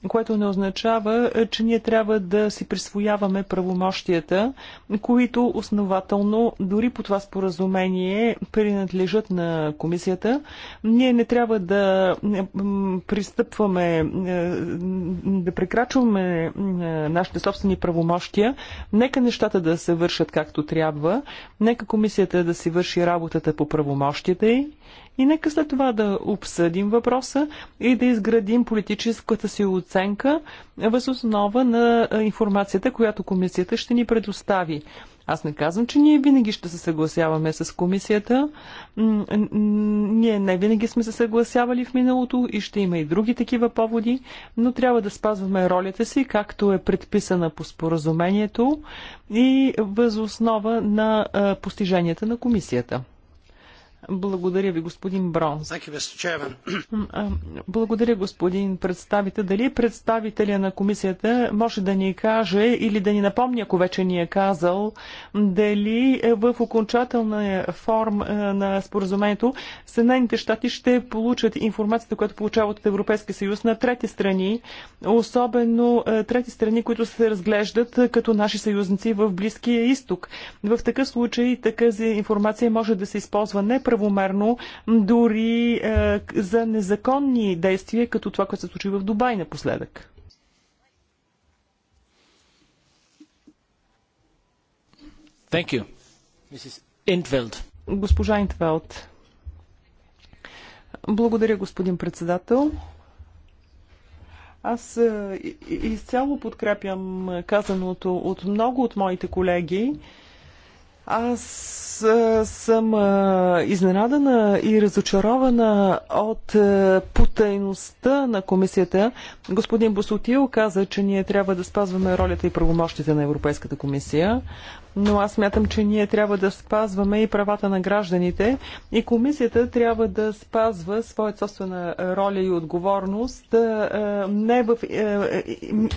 което не означава, е, че ние трябва да си присвояваме правомощията, които основателно, дори по това споразумение, принадлежат на комисията. Ние не трябва да пристъпваме, е, да прекрачваме е, нашите собствени правомощия. Нека нещата да се вършат както трябва. Нека комисията да си върши работата по правомощията й и нека след това да обсъдим въпроса и да изградим политическата си оценка въз основа на информацията, която комисията ще ни предостави. Аз не казвам, че ние винаги ще се съгласяваме с комисията. Ние не винаги сме се съгласявали в миналото и ще има и други такива поводи, но трябва да спазваме ролята си, както е предписана по споразумението и възоснова на постиженията на комисията. Благодаря ви, господин Бронс. Благодаря, господин представител. Дали представителя на комисията може да ни каже или да ни напомни, ако вече ни е казал, дали в окончателна форма на споразумението Съединените щати ще получат информацията, която получават от Европейския съюз на трети страни, особено трети страни, които се разглеждат като наши съюзници в Близкия изток. В такъв случай така информация може да се използва не неправомерно дори е, за незаконни действия, като това, което се случи в Дубай напоследък. Thank you. Mrs. Intveld. Госпожа Интвелд. Благодаря, господин председател. Аз е, изцяло подкрепям е, казаното от много от моите колеги. Аз съм изненадана и разочарована от потайността на комисията. Господин Босотил каза, че ние трябва да спазваме ролята и правомощите на Европейската комисия но аз мятам, че ние трябва да спазваме и правата на гражданите и комисията трябва да спазва своята собствена роля и отговорност не в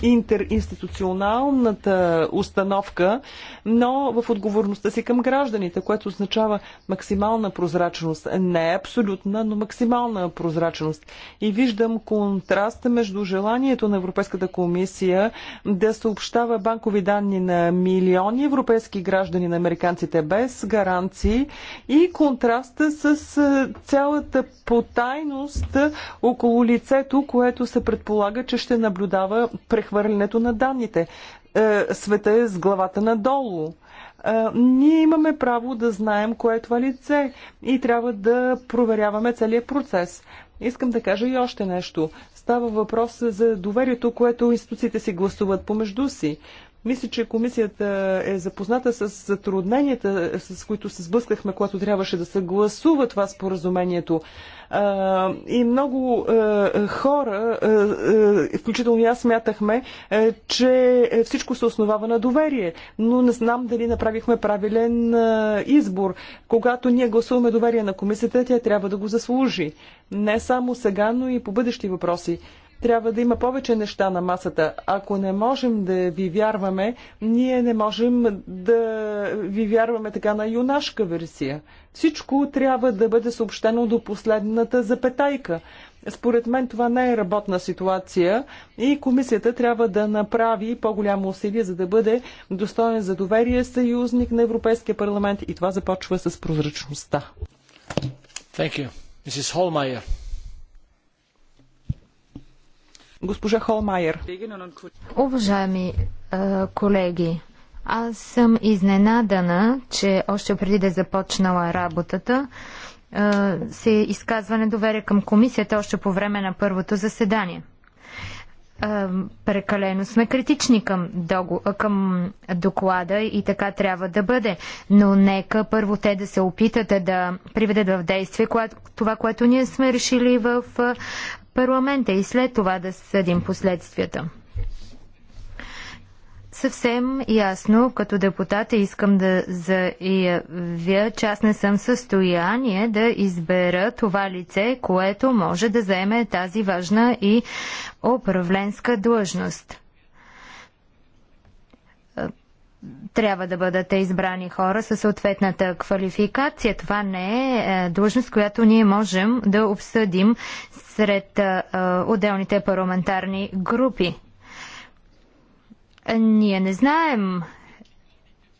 интеринституционалната установка, но в отговорността си към гражданите, което означава максимална прозрачност. Не абсолютна, но максимална прозрачност. И виждам контраста между желанието на Европейската комисия да съобщава банкови данни на милиони европейски български граждани на американците без гаранции и контраста с цялата потайност около лицето, което се предполага, че ще наблюдава прехвърлянето на данните. Е, света е с главата надолу е, ние имаме право да знаем кое е това лице и трябва да проверяваме целият процес. Искам да кажа и още нещо. Става въпрос за доверието, което институциите си гласуват помежду си. Мисля, че комисията е запозната с затрудненията, с които се сблъскахме, когато трябваше да се гласува това споразумението. И много хора, включително и аз смятахме, че всичко се основава на доверие. Но не знам дали направихме правилен избор. Когато ние гласуваме доверие на комисията, тя трябва да го заслужи. Не само сега, но и по бъдещи въпроси. Трябва да има повече неща на масата. Ако не можем да ви вярваме, ние не можем да ви вярваме така на юнашка версия. Всичко трябва да бъде съобщено до последната запетайка. Според мен това не е работна ситуация и комисията трябва да направи по-голямо усилие, за да бъде достоен за доверие съюзник на Европейския парламент и това започва с прозрачността. Thank you. Mrs. Holmeyer. Госпожа Холмайер. Уважаеми е, колеги, аз съм изненадана, че още преди да е започнала работата, е, се изказва недоверие към комисията още по време на първото заседание. Прекалено сме критични към, догу... към доклада и така трябва да бъде. Но нека първо те да се опитат да приведат в действие това, което ние сме решили в парламента и след това да съдим последствията. Съвсем ясно, като депутата е, искам да заявя, че аз не съм в състояние да избера това лице, което може да заеме тази важна и управленска длъжност трябва да бъдат избрани хора със съответната квалификация. Това не е, е длъжност, която ние можем да обсъдим сред е, е, отделните парламентарни групи. Ние не знаем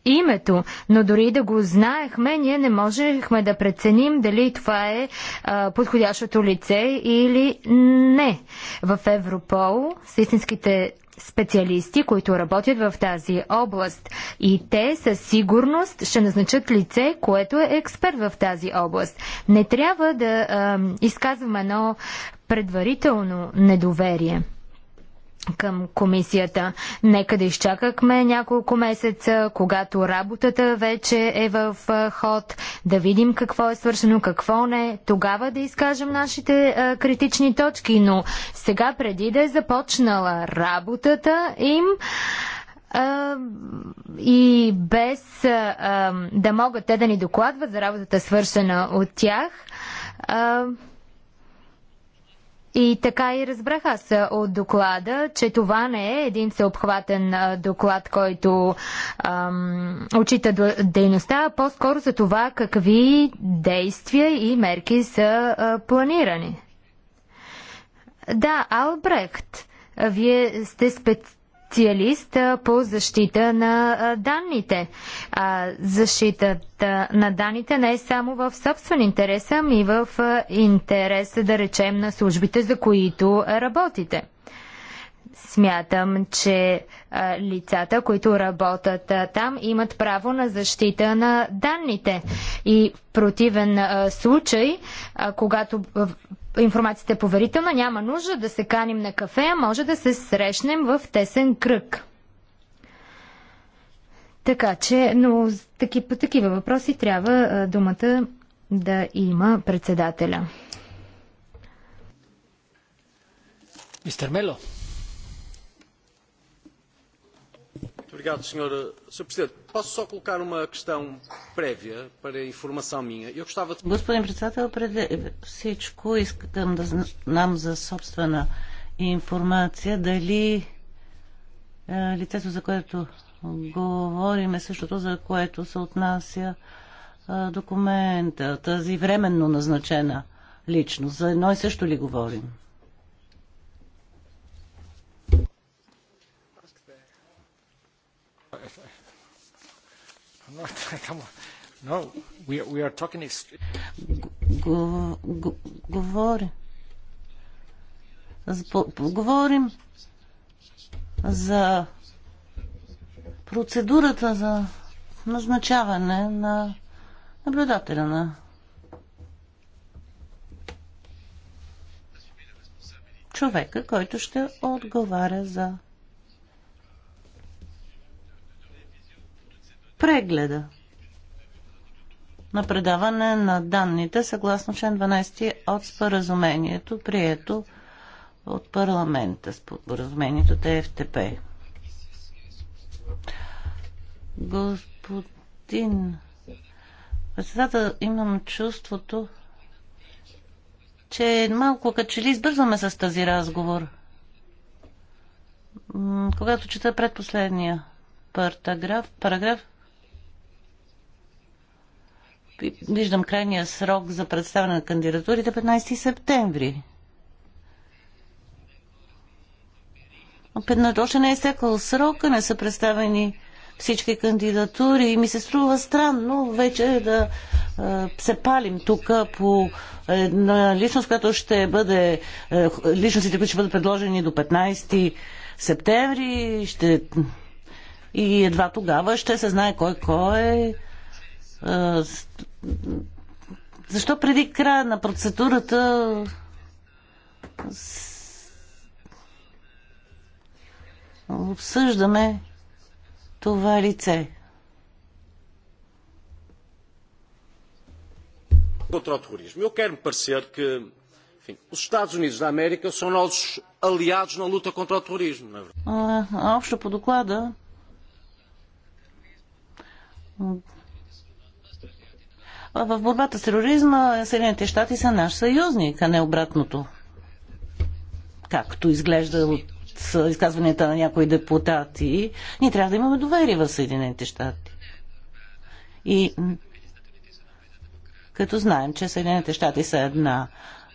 името, но дори да го знаехме, ние не можехме да преценим дали това е подходящото лице или не. В Европол с истинските специалисти, които работят в тази област. И те със сигурност ще назначат лице, което е експерт в тази област. Не трябва да а, изказваме едно предварително недоверие към комисията. Нека да изчакахме няколко месеца, когато работата вече е в ход, да видим какво е свършено, какво не, тогава да изкажем нашите а, критични точки, но сега преди да е започнала работата им, а, и без а, да могат те да ни докладват за работата свършена от тях, и така и разбрах аз от доклада, че това не е един всеобхватен доклад, който ам, очита дейността, а по-скоро за това какви действия и мерки са а, планирани. Да, Албрехт, вие сте спец специалист по защита на данните. Защитата на данните не е само в собствен интерес, ами в интерес, да речем, на службите, за които работите. Смятам, че лицата, които работят там, имат право на защита на данните. И в противен случай, когато информацията е поверителна, няма нужда да се каним на кафе, а може да се срещнем в тесен кръг. Така че, но таки, по такива въпроси трябва думата да има председателя. Мистер Мело. Благодаря, Sr. Sr. Господин председател, преди всичко искам да знам за собствена информация дали е, лицето, за което говорим, е същото, за което се отнася е, документа, тази временно назначена личност. За едно и също ли говорим? No, we are, we are talking... Говорим за процедурата за назначаване на наблюдателя на човека, който ще отговаря за прегледа на предаване на данните съгласно член 12 от споразумението, прието от парламента, споразумението ТФТП. Господин председател, имам чувството, че малко като че ли избързваме с тази разговор. Когато чета предпоследния параграф, параграф виждам крайния срок за представяне на кандидатурите 15 септември. Още не е стекал срока, не са представени всички кандидатури и ми се струва странно вече да е, се палим тук по една личност, която ще бъде, е, личностите, които ще бъдат предложени до 15 септември, ще и едва тогава ще се знае кой кой е. Защо преди края на процедурата обсъждаме това лице? Contra o terrorismo. Eu quero me parecer que enfim, os Estados Unidos da América são nossos aliados na luta contra o terrorismo. Na verdade. А, общо по доклада в борбата с тероризма Съединените щати са наш съюзник, а не обратното. Както изглежда от изказванията на някои депутати, ние трябва да имаме доверие в Съединените щати. И като знаем, че Съединените щати са една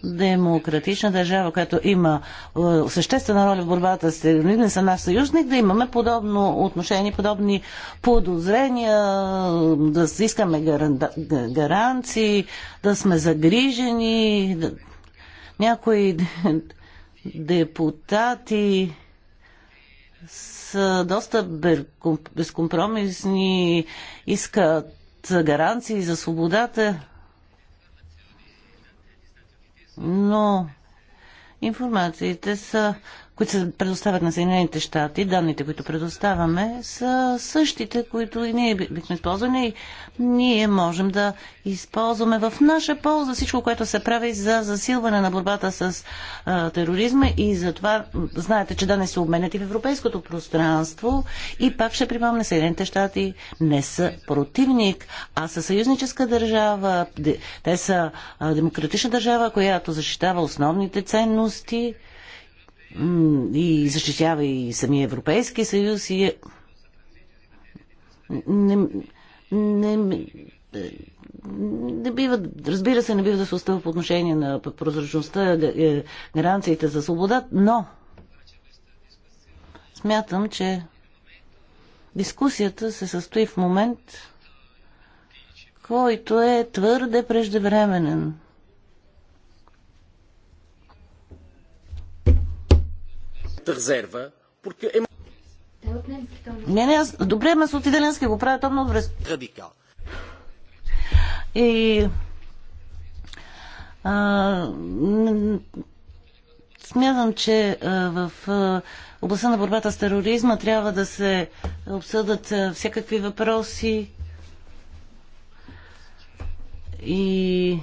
демократична държава, която има е, съществена роля в борбата с тероризма, са наш съюзник, да имаме подобно отношение, подобни подозрения, да искаме гаранции, да сме загрижени. Някои депутати са доста безкомпромисни, искат гаранции за свободата но информациите са които се предоставят на Съединените щати, данните, които предоставяме, са същите, които и ние бихме използвали и ние можем да използваме в наша полза всичко, което се прави за засилване на борбата с а, тероризма и затова знаете, че данни се обменят и в европейското пространство и пак ще припомня, Съединените щати не са противник, а са съюзническа държава, те са демократична държава, която защитава основните ценности, и защитява и самия Европейски съюз и е- не, не, не бива, разбира се, не бива да се остава по отношение на прозрачността, е, гаранциите за свобода, но смятам, че дискусията се състои в момент, който е твърде преждевременен. да резерва, porque е... Не, не, аз... добре, ме с отиделенски го правя, то много добре. Радикал. И... А, смятам, че в областта на борбата с тероризма трябва да се обсъдат всякакви въпроси и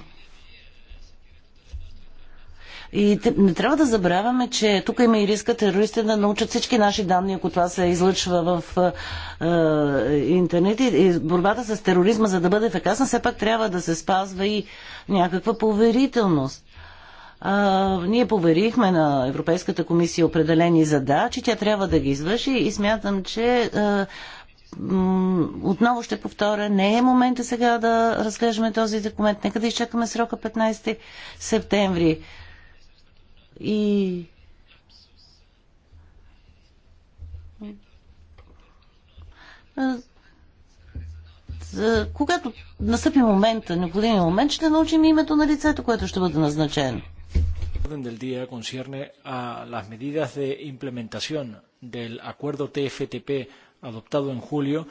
и не трябва да забравяме, че тук има и риска терористите да научат всички наши данни, ако това се излъчва в е, интернет. И борбата с тероризма, за да бъде ефекасна, все пак трябва да се спазва и някаква поверителност. А, ние поверихме на Европейската комисия определени задачи, тя трябва да ги извърши и смятам, че а, отново ще повторя, не е момента сега да разглеждаме този документ. Нека да изчакаме срока 15 септември. И за, когато настъпи момента, необходимия момент, ще научим името на лицето, което ще бъде назначено. del día concierne a las medidas de implementación del acuerdo TFTP adoptado en julio,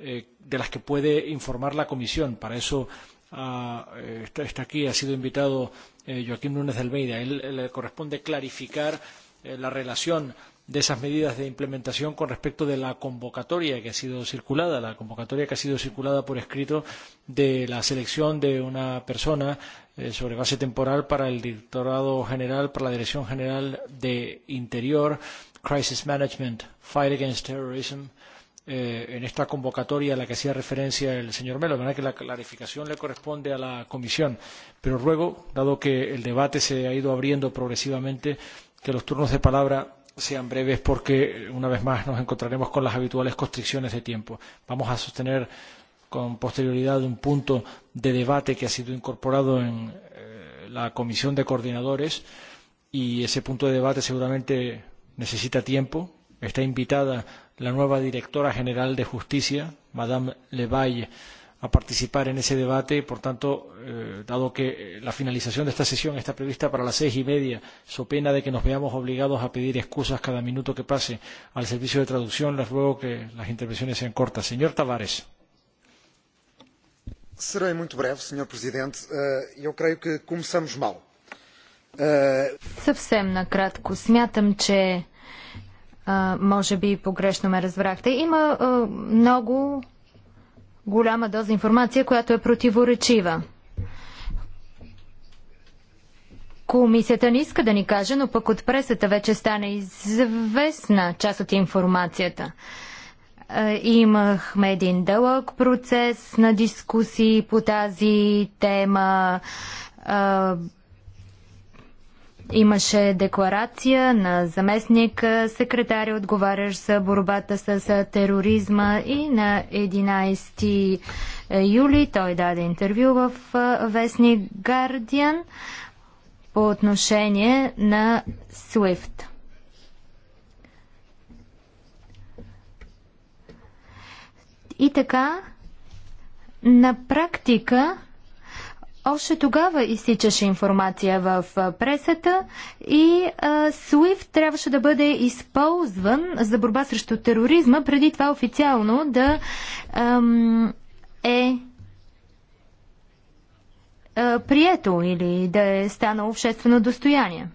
eh, de las que puede informar la Comisión. Para eso está, aquí, ha sido invitado Joaquín Núñez de Almeida. Él le corresponde clarificar la relación de esas medidas de implementación con respecto de la convocatoria que ha sido circulada, la convocatoria que ha sido circulada por escrito de la selección de una persona sobre base temporal para el Directorado General, para la Dirección General de Interior, Crisis Management, Fight Against Terrorism, en esta convocatoria a la que hacía referencia el señor Melo. De manera que la clarificación le corresponde a la Comisión. Pero ruego, dado que el debate se ha ido abriendo progresivamente, que los turnos de palabra sean breves porque una vez más nos encontraremos con las habituales constricciones de tiempo. Vamos a sostener con posterioridad un punto de debate que ha sido incorporado en la Comisión de Coordinadores y ese punto de debate seguramente necesita tiempo. Está invitada la nueva directora general de Justicia, Madame Levalle, a participar en ese debate. y, Por tanto, dado que la finalización de esta sesión está prevista para las seis y media, so pena de que nos veamos obligados a pedir excusas cada minuto que pase al servicio de traducción, les ruego que las intervenciones sean cortas. Señor Tavares. Serei muito breve, Sr. Presidente. Eu creio que começamos mal. Съвсем накратко. Смятам, че а, може би погрешно ме разбрахте. Има а, много голяма доза информация, която е противоречива. Комисията не иска да ни каже, но пък от пресата вече стане известна част от информацията. Имахме един дълъг процес на дискусии по тази тема. Имаше декларация на заместник секретаря, отговарящ за борбата с тероризма и на 11 е, юли той даде интервю в е, вестник Guardian по отношение на SWIFT. И така, на практика още тогава изсичаше информация в пресата и а, трябваше да бъде използван за борба срещу тероризма, преди това официално да ам, е а, прието или да е станало обществено достояние.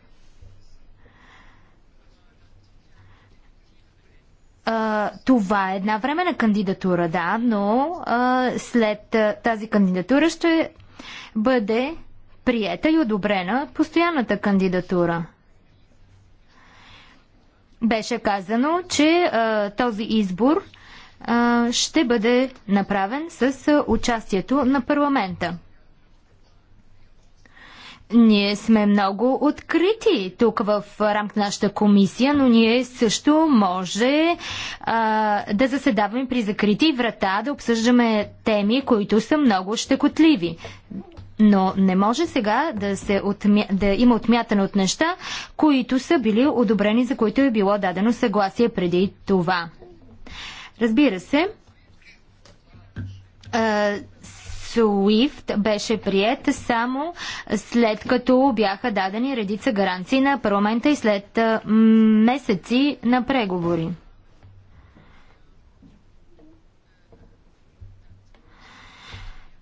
това е една времена кандидатура, да, но uh, след uh, тази кандидатура ще бъде приета и одобрена постоянната кандидатура. Беше казано, че а, този избор а, ще бъде направен с участието на парламента. Ние сме много открити тук в рамките на нашата комисия, но ние също може а, да заседаваме при закрити врата, да обсъждаме теми, които са много щекотливи. Но не може сега да, се отмя... да има отмятане от неща, които са били одобрени, за които е било дадено съгласие преди това. Разбира се, а, SWIFT беше прият само след като бяха дадени редица гаранции на парламента и след месеци на преговори.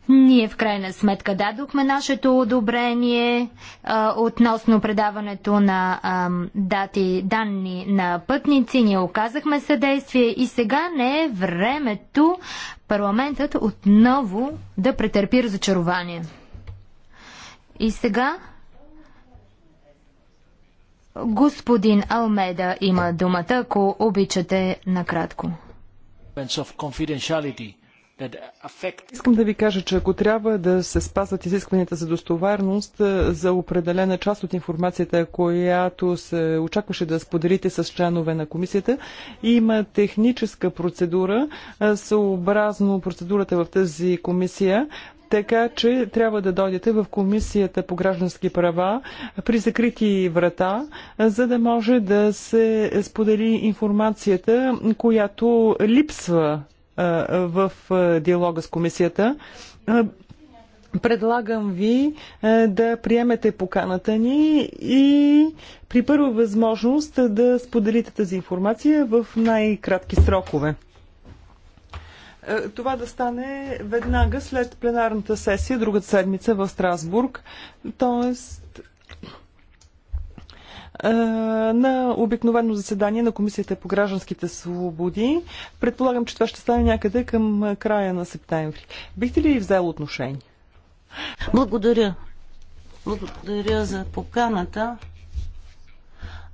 Ние в крайна сметка дадохме нашето одобрение а, относно предаването на а, дати, данни на пътници. Ние оказахме съдействие и сега не е времето парламентът отново да претърпи разочарование. И сега господин Алмеда има думата, ако обичате накратко. Искам да ви кажа, че ако трябва да се спазват изискванията за достоверност е, за определена част от информацията, която се очакваше да споделите с членове на комисията, има техническа процедура, е, съобразно процедурата в тази комисия, така че трябва да дойдете в Комисията по граждански права при закрити врата, е, за да може да се сподели информацията, която липсва в диалога с комисията. Предлагам ви да приемете поканата ни и при първа възможност да споделите тази информация в най-кратки срокове. Това да стане веднага след пленарната сесия, другата седмица в Страсбург. Тоест, е, на обикновено заседание на Комисията по гражданските свободи. Предполагам, че това ще стане някъде към е, края на септември. Бихте ли взел отношение? Благодаря. Благодаря за поканата.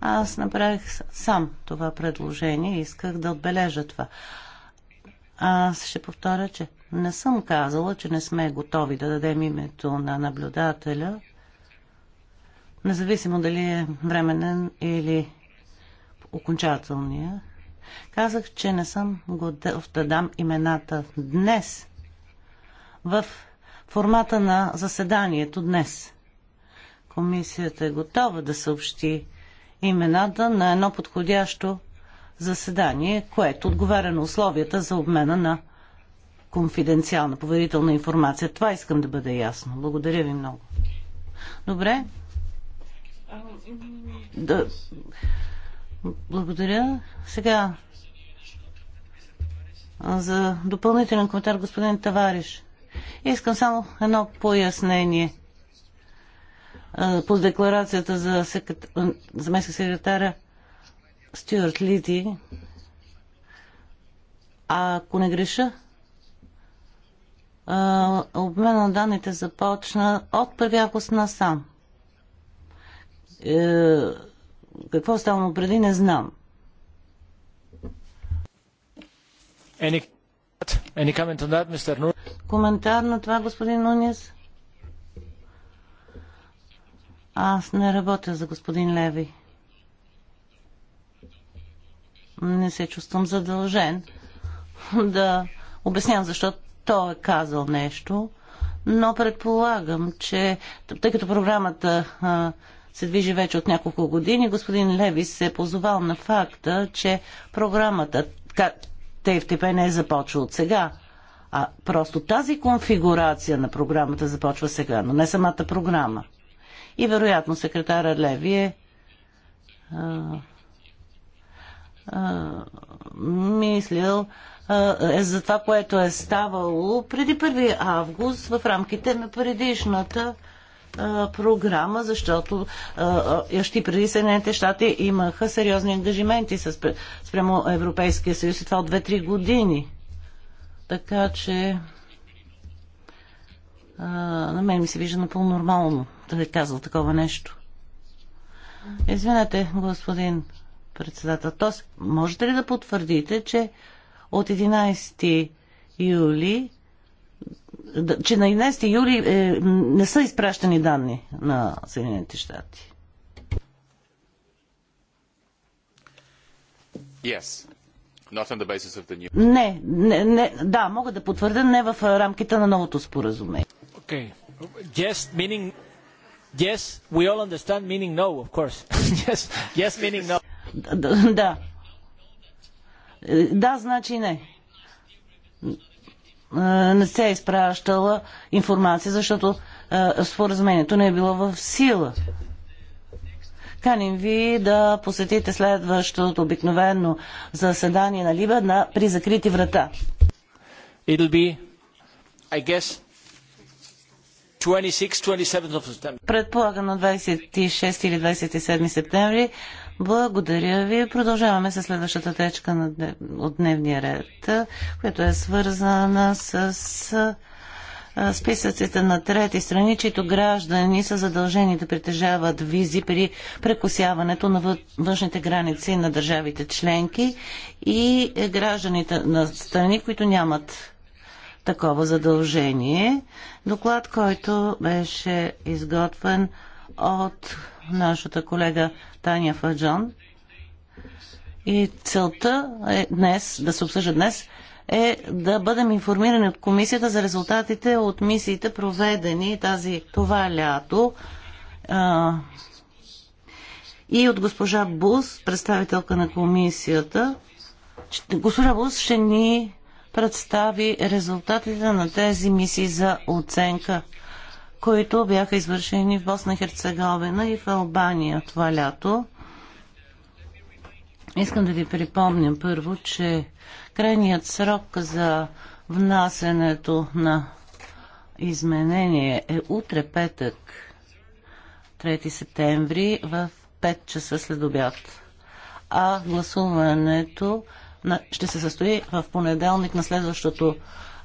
Аз направих сам това предложение и исках да отбележа това. Аз ще повторя, че не съм казала, че не сме готови да дадем името на наблюдателя, независимо дали е временен или окончателния. Казах, че не съм готов да дам имената днес в формата на заседанието днес. Комисията е готова да съобщи имената на едно подходящо заседание, което отговаря на условията за обмена на конфиденциална поверителна информация. Това искам да бъде ясно. Благодаря ви много. Добре, да. Благодаря. Сега за допълнителен коментар господин Тавариш. Искам само едно пояснение по декларацията за заместник секретаря Стюарт Лити. Ако не греша, обмен на данните започна от 1 август насам. Е, какво станало преди, не знам. Any, any comment on that, Mr. Коментар на това, господин Нунис? Аз не работя за господин Леви. Не се чувствам задължен да обяснявам защо той е казал нещо, но предполагам, че тъй като програмата а, се движи вече от няколко години. Господин Левис се е позовал на факта, че програмата ТФТП не е започва от сега, а просто тази конфигурация на програмата започва сега, но не самата програма. И вероятно секретара Леви е мислил е за това, което е ставало преди 1 август в рамките на предишната програма, защото ящи преди Съединените щати имаха сериозни ангажименти с, спрямо Европейския съюз и това от 2-3 години. Така че а, на мен ми се вижда напълно нормално да е казал такова нещо. Извинете, господин председател. Тоест, можете ли да потвърдите, че от 11 юли че на 11 юли е, не са изпращани данни на Съединените щати. Yes. Not on the basis of the new... Не, не, не, да, мога да потвърда, не в рамките на новото споразумение. Okay. Yes, meaning... Yes, we all understand meaning no, of course. yes, yes meaning no. Да. Е, да, значи не не се е изпращала информация, защото споразумението не е било в сила. Каним ви да посетите следващото обикновено заседание на Либа на, при закрити врата. It'll be, I guess, 26, 27 Предполагам на 26 или 27 септември благодаря ви. Продължаваме с следващата течка от дневния ред, която е свързана с списъците на трети страни, чието граждани са задължени да притежават визи при прекусяването на външните граници на държавите членки и гражданите на страни, които нямат такова задължение. Доклад, който беше изготвен от нашата колега Таня Фаджон. И целта е днес, да се обсъжда днес, е да бъдем информирани от комисията за резултатите от мисиите, проведени тази, това лято. и от госпожа Бус, представителка на комисията. Госпожа Бус ще ни представи резултатите на тези мисии за оценка които бяха извършени в Босна Херцеговина и в Албания това лято. Искам да ви припомня първо, че крайният срок за внасенето на изменение е утре петък, 3 септември, в 5 часа след обяд. А гласуването ще се състои в понеделник на следващото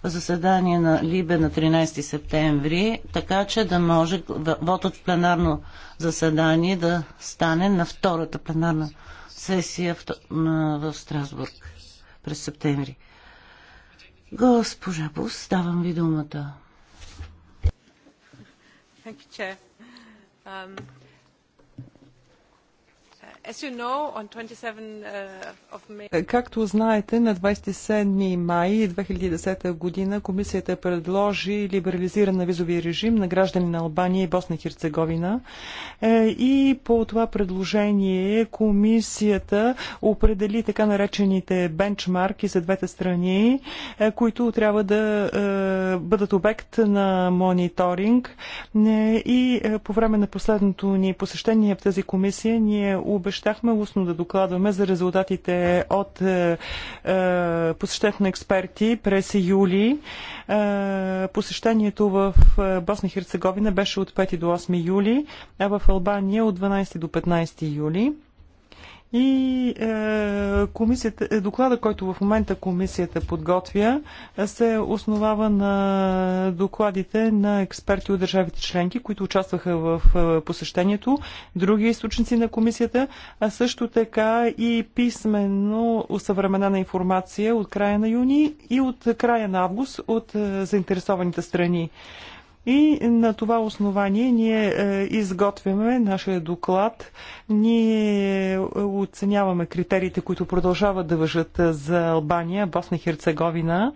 заседание на Либе на 13 септември, така че да може вотът в пленарно заседание да стане на втората пленарна сесия в, в Страсбург през септември. Госпожа Бус, давам ви думата. Thank you, Chair. Um... Uh, е, както знаете, на 27 май 2010 година комисията предложи либерализиран на визовия режим на граждани на Албания и Босна и Херцеговина. Е, и по това предложение комисията определи така наречените бенчмарки за двете страни, е, които трябва да бъдат обект на мониторинг. И по време на последното ни посещение в тази комисия ние обещахме щяхме устно да докладваме за резултатите от е, е, посещението на експерти през юли. Е, посещението в е, Босна и Херцеговина беше от 5 до 8 юли, а в Албания от 12 до 15 юли. И е, комисията, е, доклада, който в момента комисията подготвя, се основава на докладите на експерти от държавите членки, които участваха в е, посещението, други източници на комисията, а също така и писменно на информация от края на юни и от края на август от е, заинтересованите страни. И на това основание ние е, изготвяме нашия доклад, ние е, оценяваме критериите, които продължават да въжат е, за Албания, Босна и Херцеговина.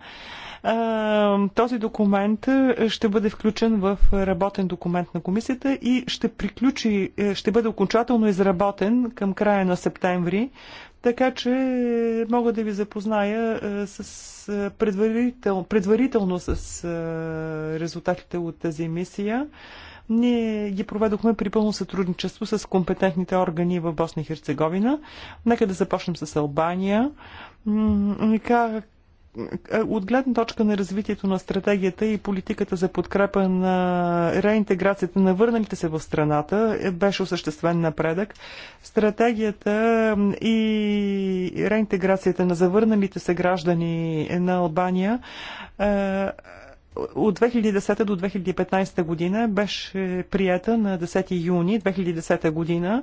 Този документ ще бъде включен в работен документ на комисията и ще приключи, ще бъде окончателно изработен към края на септември. Така че мога да ви запозная е, с е, предварител, предварително с е, резултатите от тази мисия. Ние ги проведохме при пълно сътрудничество с компетентните органи в Босна и Херцеговина. Нека да започнем с Албания. Как е, от гледна точка на развитието на стратегията и политиката за подкрепа на реинтеграцията на върналите се в страната е, беше осъществен напредък. Стратегията и реинтеграцията на завърналите се граждани на Албания е, от 2010 до 2015 година беше прията на 10 юни 2010 година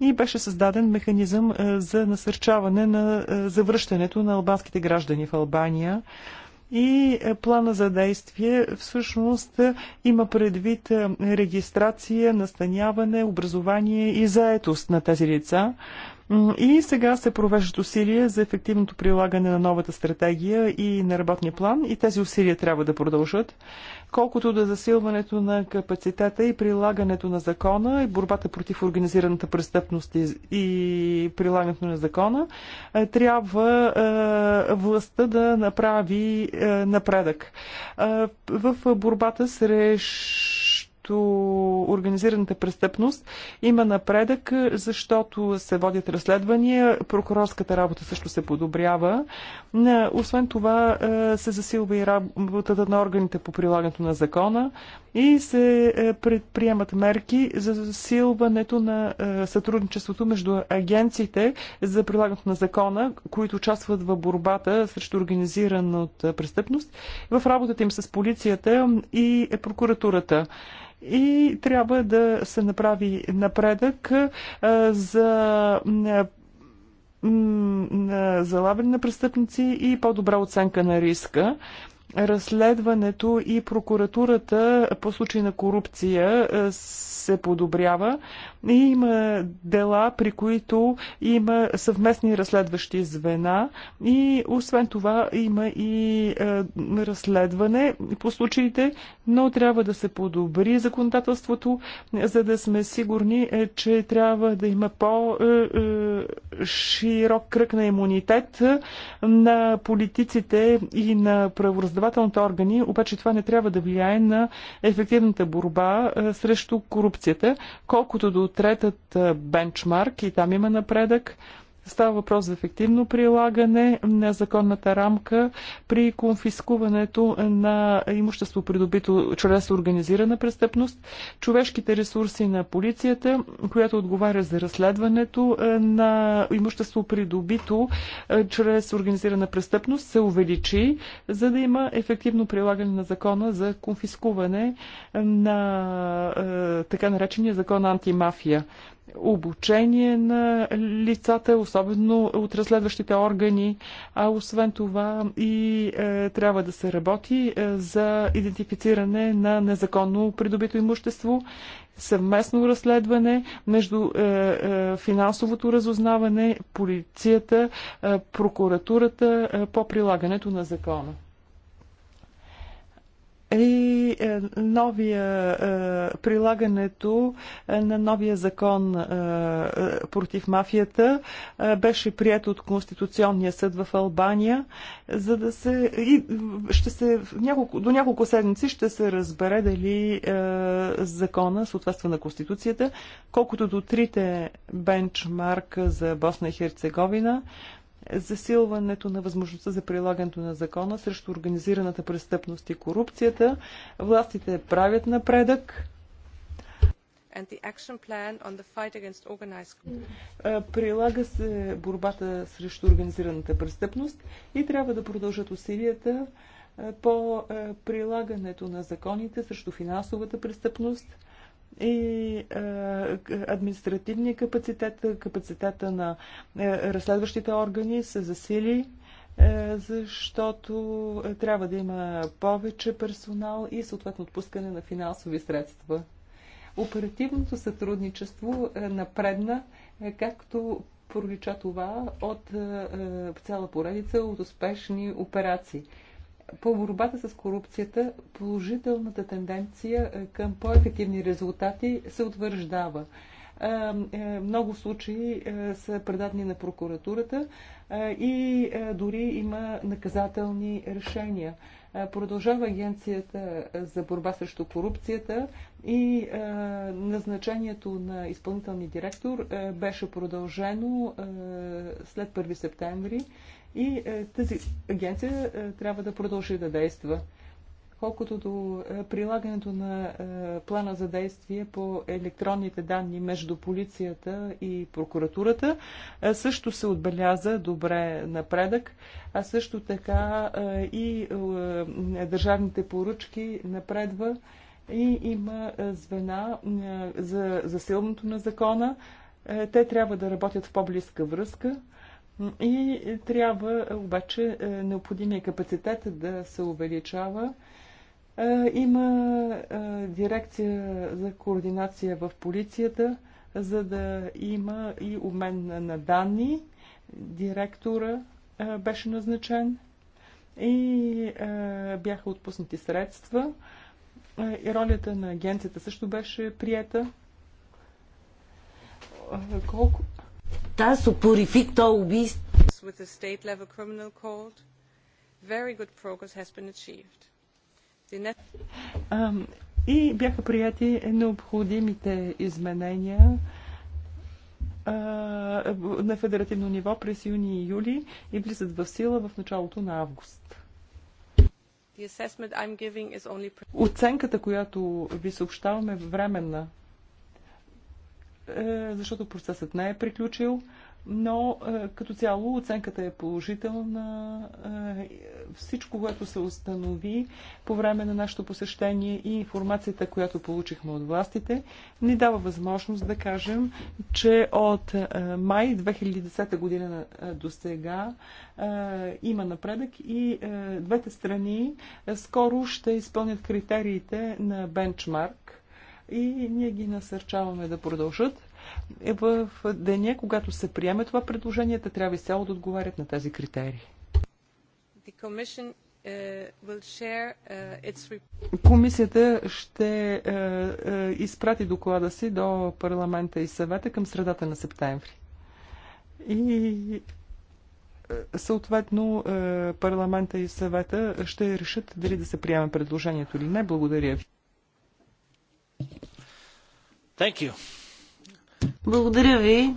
и беше създаден механизъм е, за насърчаване на е, завръщането на албанските граждани в Албания. И е, плана за действие всъщност има предвид регистрация, настаняване, образование и заетост на тези лица. И сега се провеждат усилия за ефективното прилагане на новата стратегия и на работния план и тези усилия трябва да продължат, колкото да засилването на капацитета и прилагането на закона и борбата против организираната престъпност и прилагането на закона, е, трябва е, властта да направи е, напредък. В борбата срещу срещу организираната престъпност има напредък, защото се водят разследвания, прокурорската работа също се подобрява. Освен това е, се засилва и работата на органите по прилагането на закона и се е, предприемат мерки за засилването на е, сътрудничеството между агенциите за прилагането на закона, които участват в борбата срещу от престъпност, в работата им с полицията и прокуратурата и трябва да се направи напредък е, за залавяне на престъпници и по-добра оценка на риска разследването и прокуратурата по случай на корупция е, се подобрява. И има дела, при които има съвместни разследващи звена и освен това има и е, разследване по случаите, но трябва да се подобри законодателството, за да сме сигурни, е, че трябва да има по-широк кръг на имунитет на политиците и на правораздаването правораздавателните органи, обаче това не трябва да влияе на ефективната борба срещу корупцията, колкото до третът бенчмарк и там има напредък. Става въпрос за ефективно прилагане на законната рамка при конфискуването на имущество придобито чрез организирана престъпност, човешките ресурси на полицията, която отговаря за разследването е, на имущество придобито е, чрез организирана престъпност, се увеличи, за да има ефективно прилагане на закона за конфискуване на е, така наречения закон антимафия обучение на лицата, особено от разследващите органи, а освен това и е, трябва да се работи е, за идентифициране на незаконно придобито имущество, съвместно разследване между е, е, финансовото разузнаване, полицията, е, прокуратурата е, по прилагането на закона и е, е, новия е, прилагането на новия закон против мафията беше прият от Конституционния съд в Албания, за да се и ще се няколко, до няколко седмици ще се разбере дали закона съответства на Конституцията, колкото до трите бенчмарка за Босна и Херцеговина засилването на възможността за прилагането на закона срещу организираната престъпност и корупцията. Властите правят напредък. Прилага се борбата срещу организираната престъпност и трябва да продължат усилията по прилагането на законите срещу финансовата престъпност, и е, административния капацитет, капацитета на е, разследващите органи се засили е, защото трябва да има повече персонал и съответно отпускане на финансови средства. Оперативното сътрудничество напредна, както пролича това от цяла поредица от успешни операции по борбата с корупцията положителната тенденция е, към по-ефективни резултати се утвърждава. Е, е, много случаи са предадени на прокуратурата и дори има наказателни решения. Продължава агенцията за борба срещу корупцията и назначението на изпълнителния директор беше продължено след 1 септември и е, тази агенция е, трябва да продължи да действа. Колкото до е, прилагането на плана за действие по електронните данни между полицията и прокуратурата, също се отбеляза добре напредък, а също така и държавните поръчки напредва и има звена за силното на закона. Те трябва да работят в по-близка връзка. И трябва е, обаче е, необходимия капацитет да се увеличава. Е, има дирекция за координация в полицията, за да има и обмен на данни. Директора беше назначен и бяха отпуснати средства. И ролята на агенцията също беше приета. Колко, Та su purificó ubist. With the state level criminal court, very good progress has been achieved. The net... и бяха прияти необходимите изменения на федеративно ниво през юни и юли и влизат в сила в началото на август. Only... Оценката, която ви съобщаваме, е временна. Е, защото процесът не е приключил, но е, като цяло оценката е положителна. Е, всичко, което се установи по време на нашето посещение и информацията, която получихме от властите, ни дава възможност да кажем, че от май 2010 година до сега има напредък и двете страни скоро ще изпълнят критериите на бенчмарк и ние ги насърчаваме да продължат. Е, в деня, когато се приеме това предложение, те трябва изцяло да отговарят на тези критерии. Е, е, Комисията ще изпрати доклада си до парламента и съвета към средата на септември. И съответно парламента и съвета ще решат дали да се приеме предложението или не. Благодаря ви. Благодаря ви.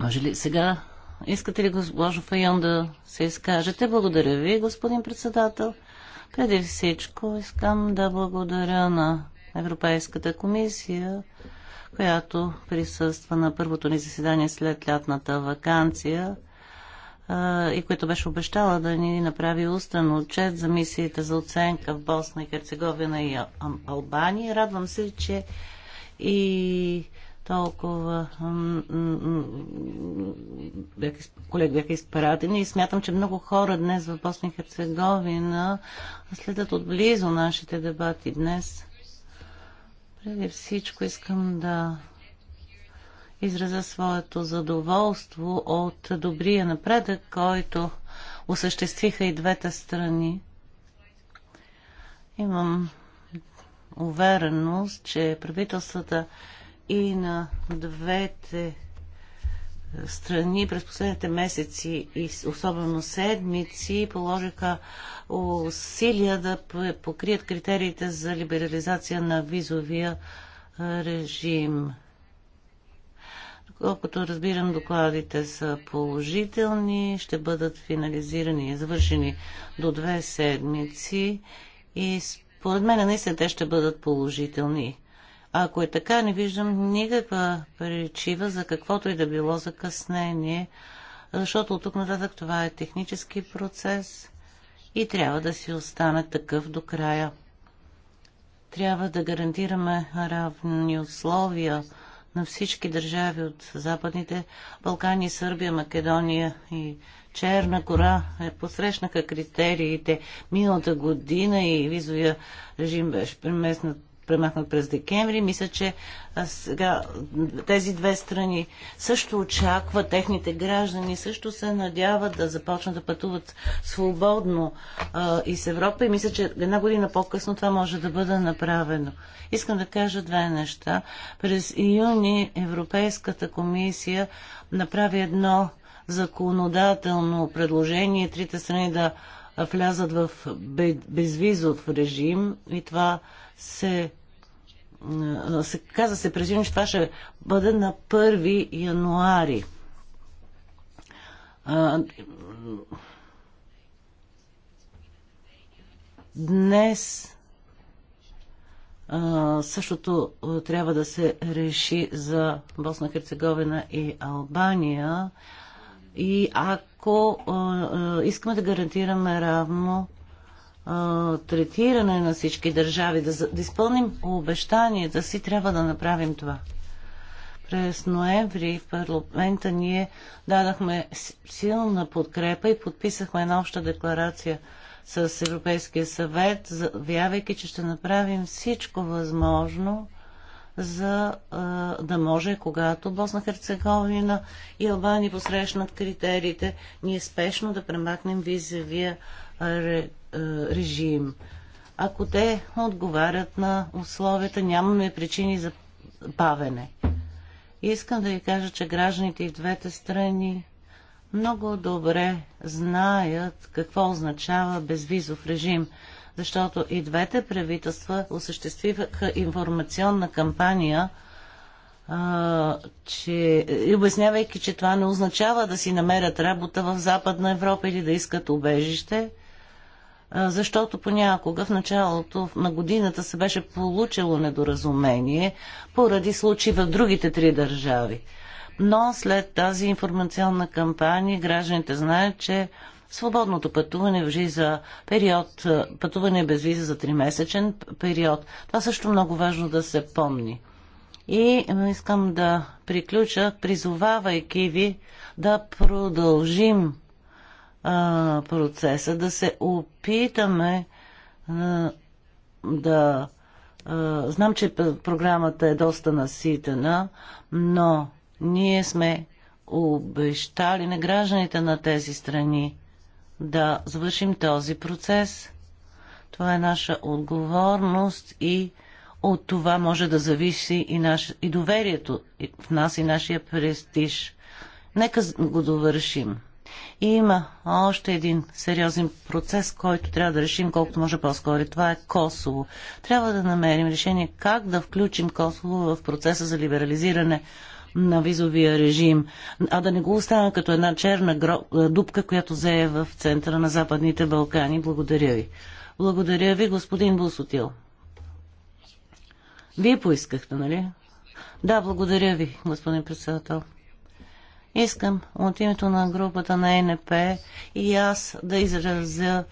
Може ли сега? Искате ли, госпожо Файон, да се изкажете? Благодаря ви, господин председател. Преди всичко искам да благодаря на Европейската комисия, която присъства на първото ни заседание след лятната вакансия – и което беше обещала да ни направи устен отчет за мисиите за оценка в Босна и Херцеговина и Албания. Радвам се, че и толкова колеги бяха изпратени и смятам, че много хора днес в Босна и Херцеговина следят отблизо нашите дебати днес. Преди всичко искам да изразя своето задоволство от добрия напредък, който осъществиха и двете страни. Имам увереност, че правителствата и на двете страни през последните месеци и особено седмици положиха усилия да покрият критериите за либерализация на визовия режим. Колкото разбирам, докладите са положителни, ще бъдат финализирани и завършени до две седмици и според мен наистина те ще бъдат положителни. ако е така, не виждам никаква причина за каквото и да било закъснение, защото от тук нататък това е технически процес и трябва да си остане такъв до края. Трябва да гарантираме равни условия на всички държави от Западните Балкани, Сърбия, Македония и Черна гора е посрещнаха критериите миналата година и визовия режим беше преместнат премахнат през декември. Мисля, че сега тези две страни също очакват, техните граждани също се надяват да започнат да пътуват свободно а, и с Европа. И мисля, че една година по-късно това може да бъде направено. Искам да кажа две неща. През июни Европейската комисия направи едно законодателно предложение трите страни да влязат в безвизов режим и това се, се каза се през юни, че това ще бъде на 1 януари. Днес същото трябва да се реши за Босна Херцеговина и Албания. И ако искаме да гарантираме равно третиране на всички държави, да, да изпълним обещанията си, трябва да направим това. През ноември в парламента ние дадахме силна подкрепа и подписахме една обща декларация с Европейския съвет, заявяйки, че ще направим всичко възможно за а, да може, когато Босна Херцеговина и Албани посрещнат критериите, ние спешно да премахнем визовия ре, режим. Ако те отговарят на условията, нямаме причини за бавене. Искам да ви кажа, че гражданите и в двете страни много добре знаят какво означава безвизов режим – защото и двете правителства осъществиха информационна кампания, а, че, и обяснявайки, че това не означава да си намерят работа в Западна Европа или да искат убежище, а, защото понякога в началото на годината се беше получило недоразумение поради случаи в другите три държави. Но след тази информационна кампания гражданите знаят, че Свободното пътуване въжи за период, пътуване без виза за 3-месечен период. Това също много важно да се помни. И искам да приключа, призовавайки ви да продължим а, процеса, да се опитаме а, да. А, знам, че програмата е доста наситена, но ние сме обещали на гражданите на тези страни, да завършим този процес. Това е наша отговорност и от това може да зависи и, наш, и доверието в нас и нашия престиж. Нека го довършим. И има още един сериозен процес, който трябва да решим колкото може по-скоро. Това е Косово. Трябва да намерим решение как да включим Косово в процеса за либерализиране на визовия режим, а да не го оставя като една черна дупка, която зае в центъра на Западните Балкани. Благодаря ви. Благодаря ви, господин Бусотил. Вие поискахте, нали? Да, благодаря ви, господин председател. Искам от името на групата на НП и аз да изразя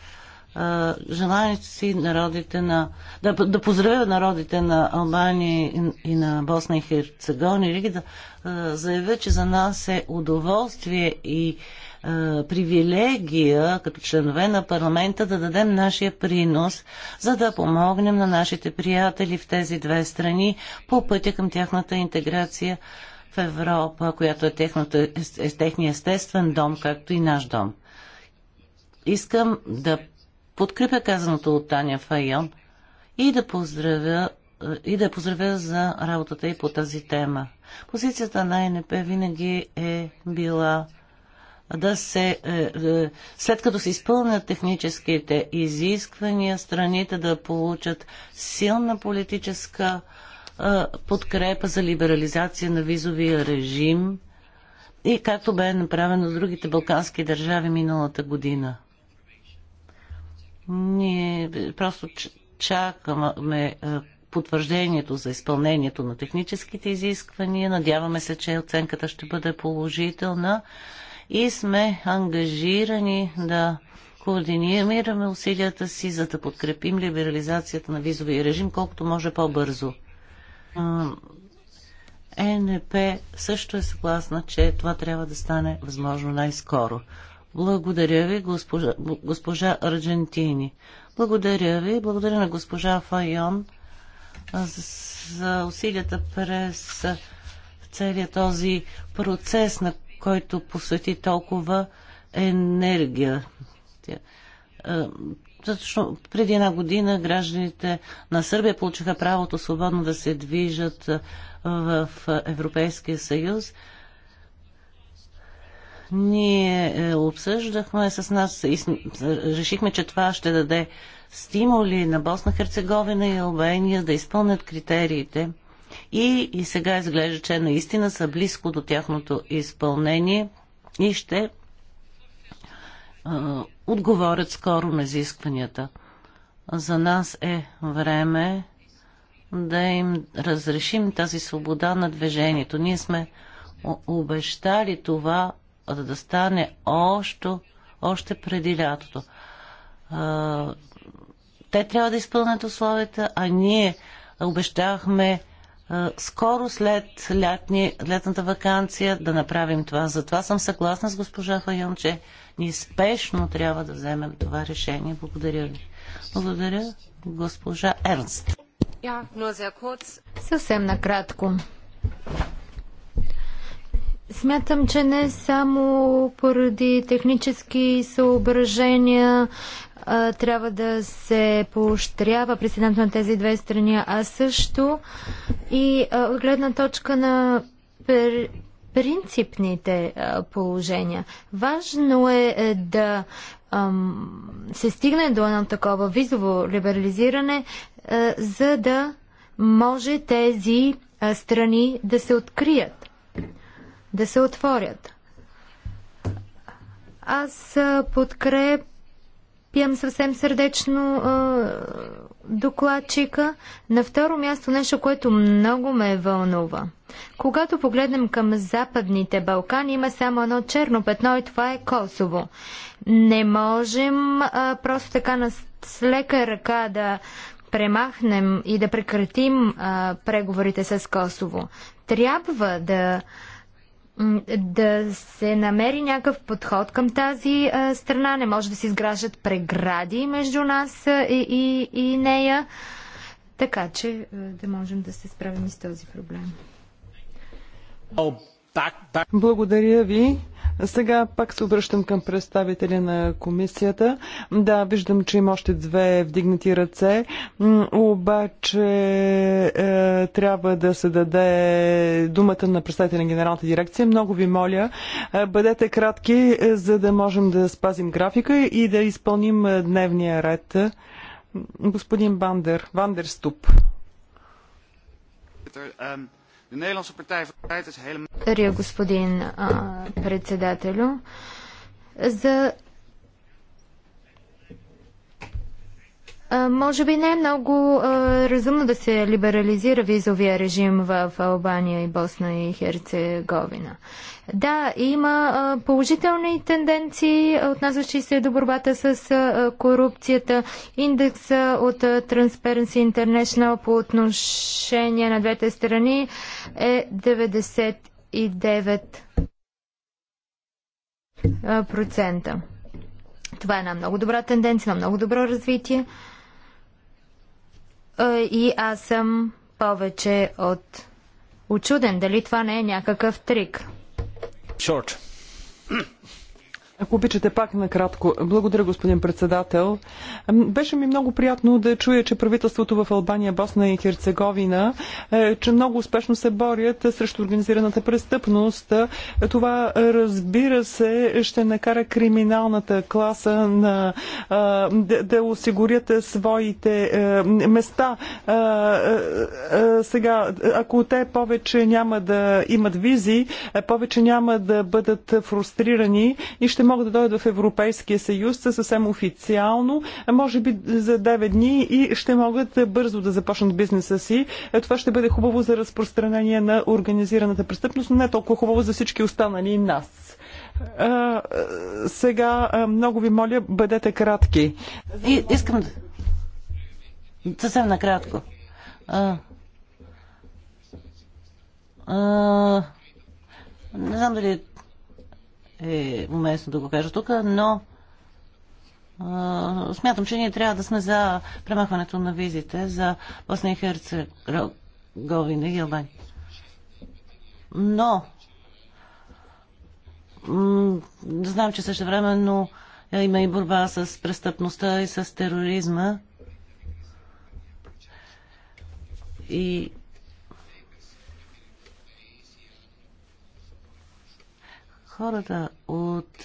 желанието си народите на, да, да поздравя народите на Албания и, на Босна и Херцеговина и да а, заявя, че за нас е удоволствие и а, привилегия като членове на парламента да дадем нашия принос, за да помогнем на нашите приятели в тези две страни по пътя към тяхната интеграция в Европа, която е, техното, е, е техния естествен дом, както и наш дом. Искам да подкрепя казаното от Таня Файон и да поздравя и да я поздравя за работата и по тази тема. Позицията на НП винаги е била да се, е, е, след като се изпълнят техническите изисквания, страните да получат силна политическа е, подкрепа за либерализация на визовия режим и както бе направено в другите балкански държави миналата година. Ние просто чакаме е, потвърждението за изпълнението на техническите изисквания. Надяваме се, че оценката ще бъде положителна и сме ангажирани да координираме усилията си, за да подкрепим либерализацията на визовия режим колкото може по-бързо. ЕНП също е съгласна, че това трябва да стане възможно най-скоро. Благодаря ви, госпожа, госпожа Аржентини. Благодаря ви. Благодаря на госпожа Файон за, усилията през целия този процес, на който посвети толкова енергия. Точно преди една година гражданите на Сърбия получиха правото свободно да се движат в Европейския съюз. Ние е, обсъждахме с нас и решихме, че това ще даде стимули на Босна Херцеговина и Албания да изпълнят критериите и, и сега изглежда, че наистина са близко до тяхното изпълнение и ще а, е, отговорят скоро на изискванията. За нас е време да им разрешим тази свобода на движението. Ние сме обещали това да, да стане още, още преди лятото. А, те трябва да изпълнят условията, а ние обещахме а, скоро след лятни, летната вакансия да направим това. Затова съм съгласна с госпожа Файон, че ние спешно трябва да вземем това решение. Благодаря ви. Благодаря, госпожа Ернст. Съвсем накратко. Смятам, че не само поради технически съображения а, трябва да се поощрява присъединяването на тези две страни, а също и от гледна точка на пер, принципните а, положения. Важно е, е, да ам, се стигне до едно такова визово либерализиране, а, за да може тези страни да се открият да се отворят. Аз подкрепям съвсем сърдечно е, докладчика. На второ място нещо, което много ме вълнува. Когато погледнем към Западните Балкани, има само едно черно петно и това е Косово. Не можем е, просто така на с лека ръка да премахнем и да прекратим е, преговорите с Косово. Трябва да да се намери някакъв подход към тази страна. Не може да се изграждат прегради между нас и, и, и нея. Така че да можем да се справим с този проблем. Благодаря ви. Сега пак се обръщам към представителя на комисията. Да, виждам, че има още две вдигнати ръце, обаче е, трябва да се даде думата на представителя на генералната дирекция. Много ви моля, е, бъдете кратки, е, за да можем да спазим графика и да изпълним е, дневния ред. Господин Бандер, Вандерступ. Um... Благодаря, господин а, председателю. За Може би не е много разумно да се либерализира визовия режим в Албания и Босна и Херцеговина. Да, има положителни тенденции, отнасящи се до борбата с корупцията. Индекса от Transparency International по отношение на двете страни е 99%. Това е една много добра тенденция, на много добро развитие. Е, и аз съм повече от очуден дали това не е някакъв трик. Шорт. Ако обичате пак накратко. Благодаря, господин председател. Беше ми много приятно да чуя, че правителството в Албания, Босна и Херцеговина, е, че много успешно се борят срещу организираната престъпност. Това, разбира се, ще накара криминалната класа на, да, да осигурят своите е, места. Сега, ако те повече няма да имат визи, е, повече няма да бъдат фрустрирани и ще могат да дойдат в Европейския съюз съвсем официално, може би за 9 дни и ще могат бързо да започнат бизнеса си. Това ще бъде хубаво за разпространение на организираната престъпност, но не толкова хубаво за всички останали нас. А, сега много ви моля, бъдете кратки. И, искам да... Съвсем накратко. А, а, не знам дали е уместно да го кажа тук, но а, смятам, че ние трябва да сме за премахването на визите за Босния и Херцеговина и Албания. Но знам, че също но има и борба с престъпността и с тероризма. И хората от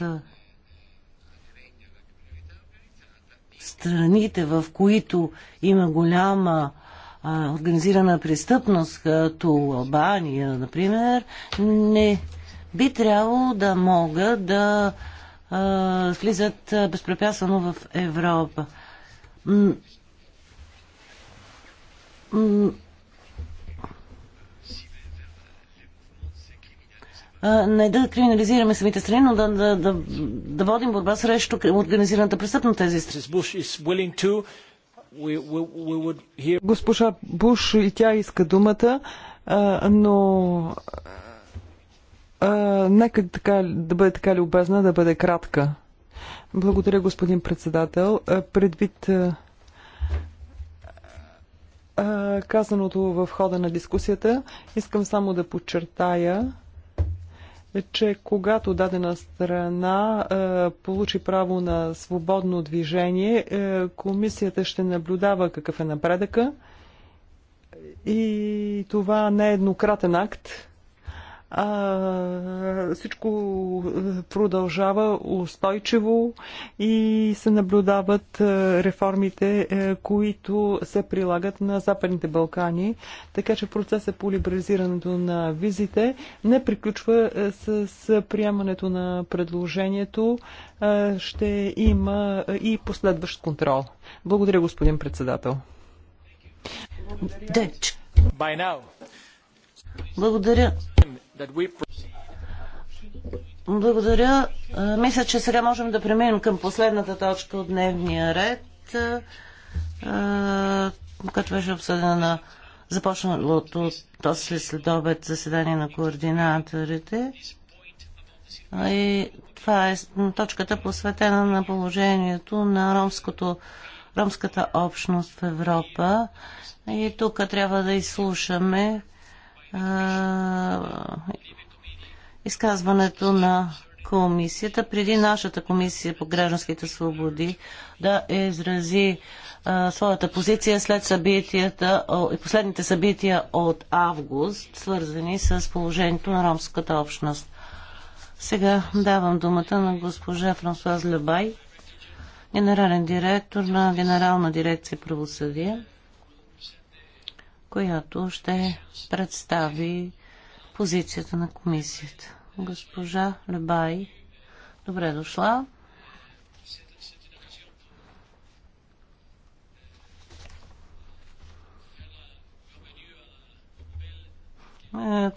страните, в които има голяма а, организирана престъпност, като Албания, например, не би трябвало да могат да а, влизат безпрепятствено в Европа не да криминализираме самите страни, но да, да, да, да водим борба срещу организираната престъпност тези страни. Госпожа Буш и тя иска думата, но нека така, да бъде така любезна, да бъде кратка. Благодаря, господин председател. Предвид казаното в хода на дискусията, искам само да подчертая, е, че когато дадена страна е, получи право на свободно движение, е, комисията ще наблюдава какъв е напредъка и това не е еднократен акт всичко е, продължава устойчиво и се наблюдават е, реформите, е, които се прилагат на Западните Балкани. Така че процесът по либерализирането на визите не приключва с приемането на предложението. Ще има и последващ контрол. Благодаря, господин председател. Благодаря. Благодаря. Благодаря. Мисля, че сега можем да преминем към последната точка от дневния ред, която беше обсъдена на започналото този следобед заседание на координаторите. И това е точката посветена на положението на ромското, ромската общност в Европа. И тук трябва да изслушаме изказването на комисията, преди нашата комисия по гражданските свободи да изрази своята позиция след събитията и последните събития от август, свързани с положението на ромската общност. Сега давам думата на госпожа Франсуаз Лебай, генерален директор на Генерална дирекция правосъдие която ще представи позицията на комисията. Госпожа Лебай, добре дошла. Е,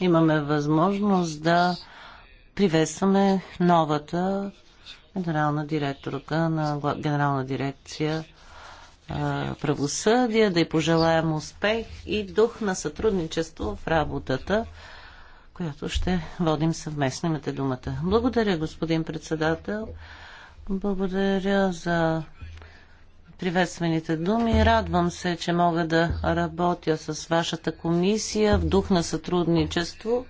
имаме възможност да приветстваме новата генерална директорка на генерална дирекция правосъдие, да й пожелаем успех и дух на сътрудничество в работата, която ще водим съвместно. Имате думата. Благодаря, господин председател. Благодаря за приветствените думи. Радвам се, че мога да работя с вашата комисия в дух на сътрудничество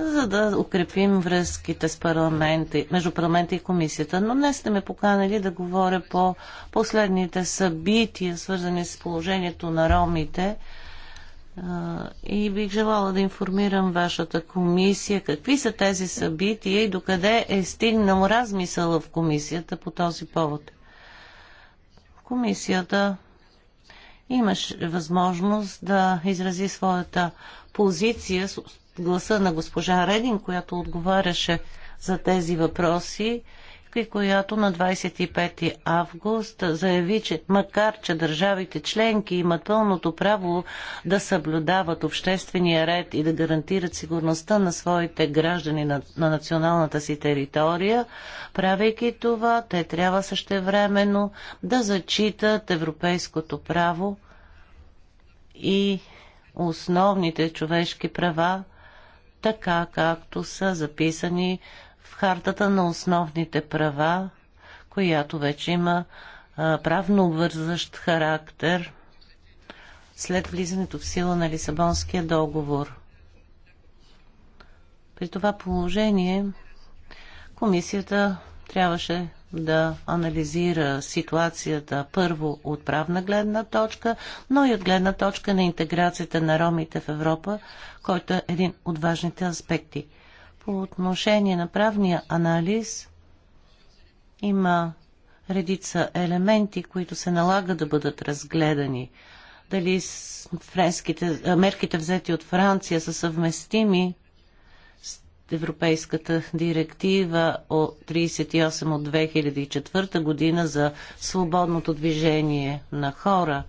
за да укрепим връзките с парламента, между парламента и комисията. Но днес сте ме поканали да говоря по последните събития, свързани с положението на ромите. И бих желала да информирам вашата комисия какви са тези събития и докъде е стигнал размисъла в комисията по този повод. Комисията имаш възможност да изрази своята позиция гласа на госпожа Редин, която отговаряше за тези въпроси и която на 25 август заяви, че макар, че държавите членки имат пълното право да съблюдават обществения ред и да гарантират сигурността на своите граждани на, на националната си територия, правейки това, те трябва същевременно да зачитат европейското право и основните човешки права, така както са записани в хартата на основните права, която вече има правно обвързващ характер след влизането в сила на Лисабонския договор. При това положение комисията трябваше да анализира ситуацията първо от правна гледна точка, но и от гледна точка на интеграцията на ромите в Европа, който е един от важните аспекти. По отношение на правния анализ има редица елементи, които се налага да бъдат разгледани. Дали френските, мерките взети от Франция са съвместими Европейската директива от 38 от 2004 година за свободното движение на хора.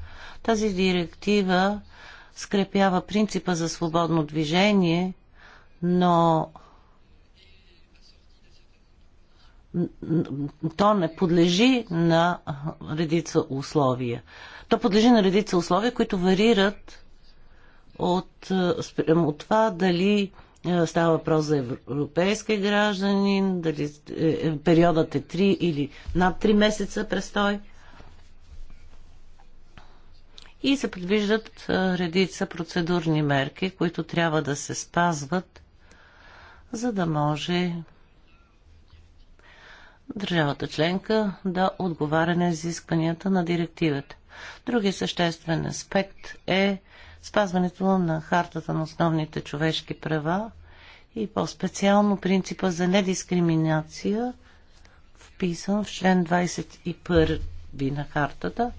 Тази директива скрепява принципа за свободно движение, но то не подлежи на редица условия. То подлежи на редица условия, които варират от, от това дали е, става въпрос за европейски гражданин, дали е, е, периодът е 3 или над 3 месеца престой. И се предвиждат редица процедурни мерки, които трябва да се спазват, за да може държавата членка да отговаря на изискванията на директивата. Други съществен аспект е спазването на хартата на основните човешки права и по-специално принципа за недискриминация, вписан в член 21 на хартата.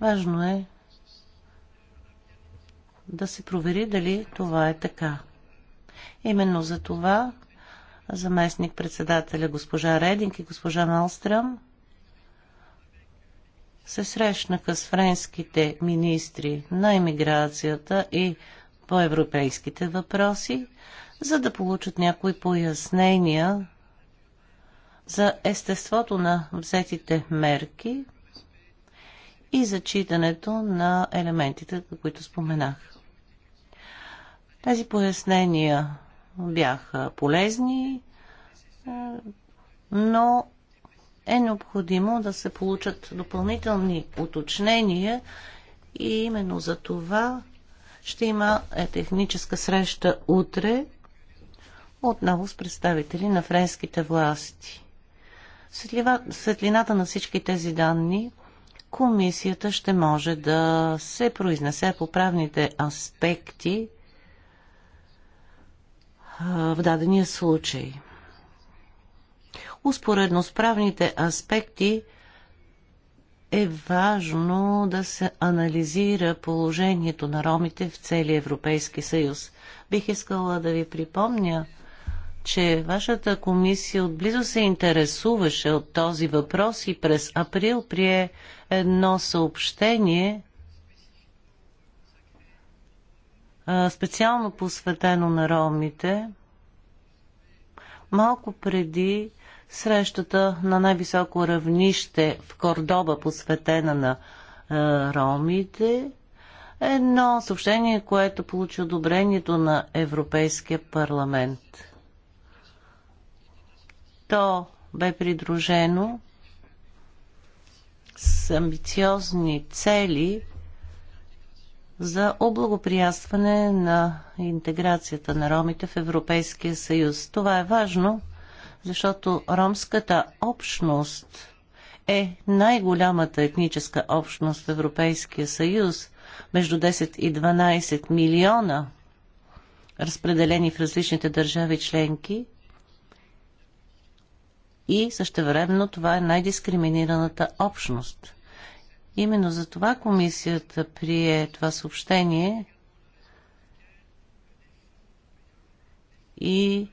Важно е да се провери дали това е така. Именно за това заместник председателя госпожа Рединг и госпожа Малстрам се срещнаха с френските министри на иммиграцията и по европейските въпроси, за да получат някои пояснения за естеството на взетите мерки и зачитането на елементите, които споменах. Тези пояснения бяха полезни, но е необходимо да се получат допълнителни уточнения и именно за това ще има е, техническа среща утре отново с представители на френските власти. светлината на всички тези данни комисията ще може да се произнесе по правните аспекти в дадения случай. Успоредно с правните аспекти е важно да се анализира положението на ромите в целия Европейски съюз. Бих искала да ви припомня, че вашата комисия отблизо се интересуваше от този въпрос и през април прие едно съобщение, специално посветено на ромите, малко преди срещата на най-високо равнище в Кордоба, посветена на е, ромите. Едно съобщение, което получи одобрението на Европейския парламент. То бе придружено с амбициозни цели за облагоприятстване на интеграцията на ромите в Европейския съюз. Това е важно – защото ромската общност е най-голямата етническа общност в Европейския съюз, между 10 и 12 милиона, разпределени в различните държави членки, и същевременно това е най-дискриминираната общност. Именно за това комисията прие това съобщение и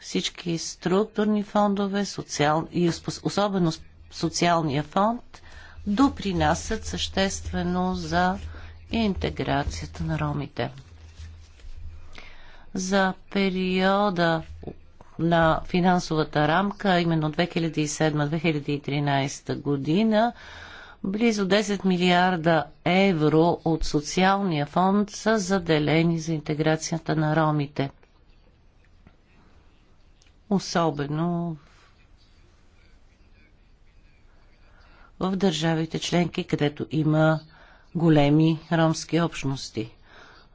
всички структурни фондове, социал... и особено социалния фонд, допринасят съществено за интеграцията на ромите. За периода на финансовата рамка, именно 2007-2013 година, близо 10 милиарда евро от социалния фонд са заделени за интеграцията на ромите особено в държавите членки, където има големи ромски общности.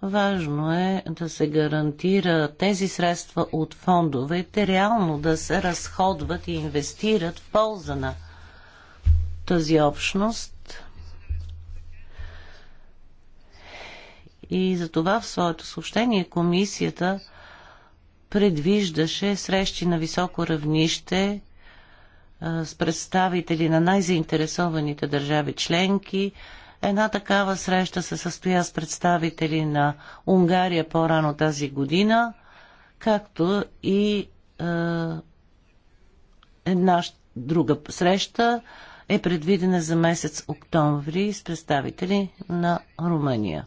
Важно е да се гарантира тези средства от фондовете реално да се разходват и инвестират в полза на тази общност. И за това в своето съобщение комисията – предвиждаше срещи на високо равнище с представители на най-заинтересованите държави членки. Една такава среща се състоя с представители на Унгария по-рано тази година, както и е, една друга среща е предвидена за месец октомври с представители на Румъния.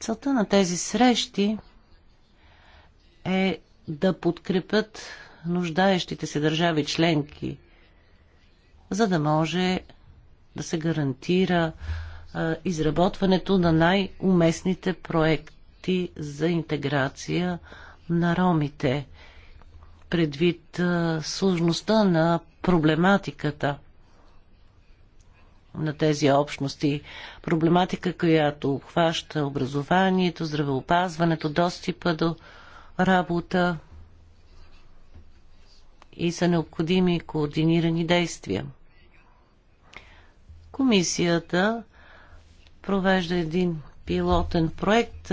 Целта на тези срещи е да подкрепят нуждаещите се държави членки, за да може да се гарантира а, изработването на най-уместните проекти за интеграция на ромите, предвид а, сложността на проблематиката на тези общности. Проблематика, която обхваща образованието, здравеопазването, достъпа до работа и са необходими координирани действия. Комисията провежда един пилотен проект,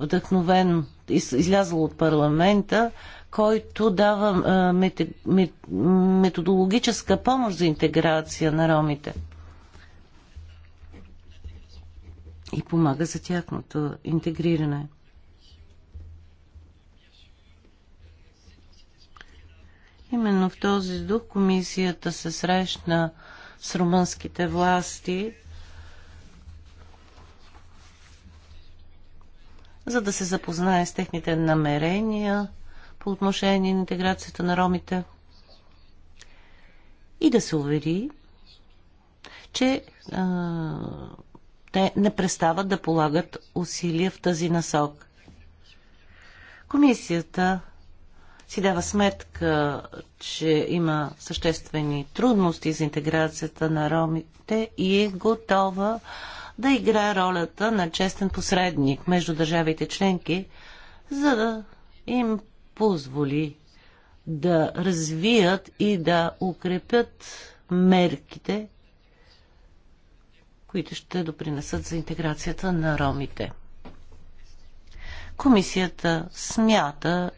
вдъхновен, излязъл от парламента, който дава методологическа помощ за интеграция на ромите и помага за тяхното интегриране. Именно в този дух комисията се срещна с румънските власти, за да се запознае с техните намерения по отношение на интеграцията на ромите и да се увери, че а, те не престават да полагат усилия в тази насок. Комисията си дава сметка, че има съществени трудности за интеграцията на ромите и е готова да играе ролята на честен посредник между държавите членки, за да им позволи да развият и да укрепят мерките, които ще допринесат за интеграцията на ромите. Комисията смята,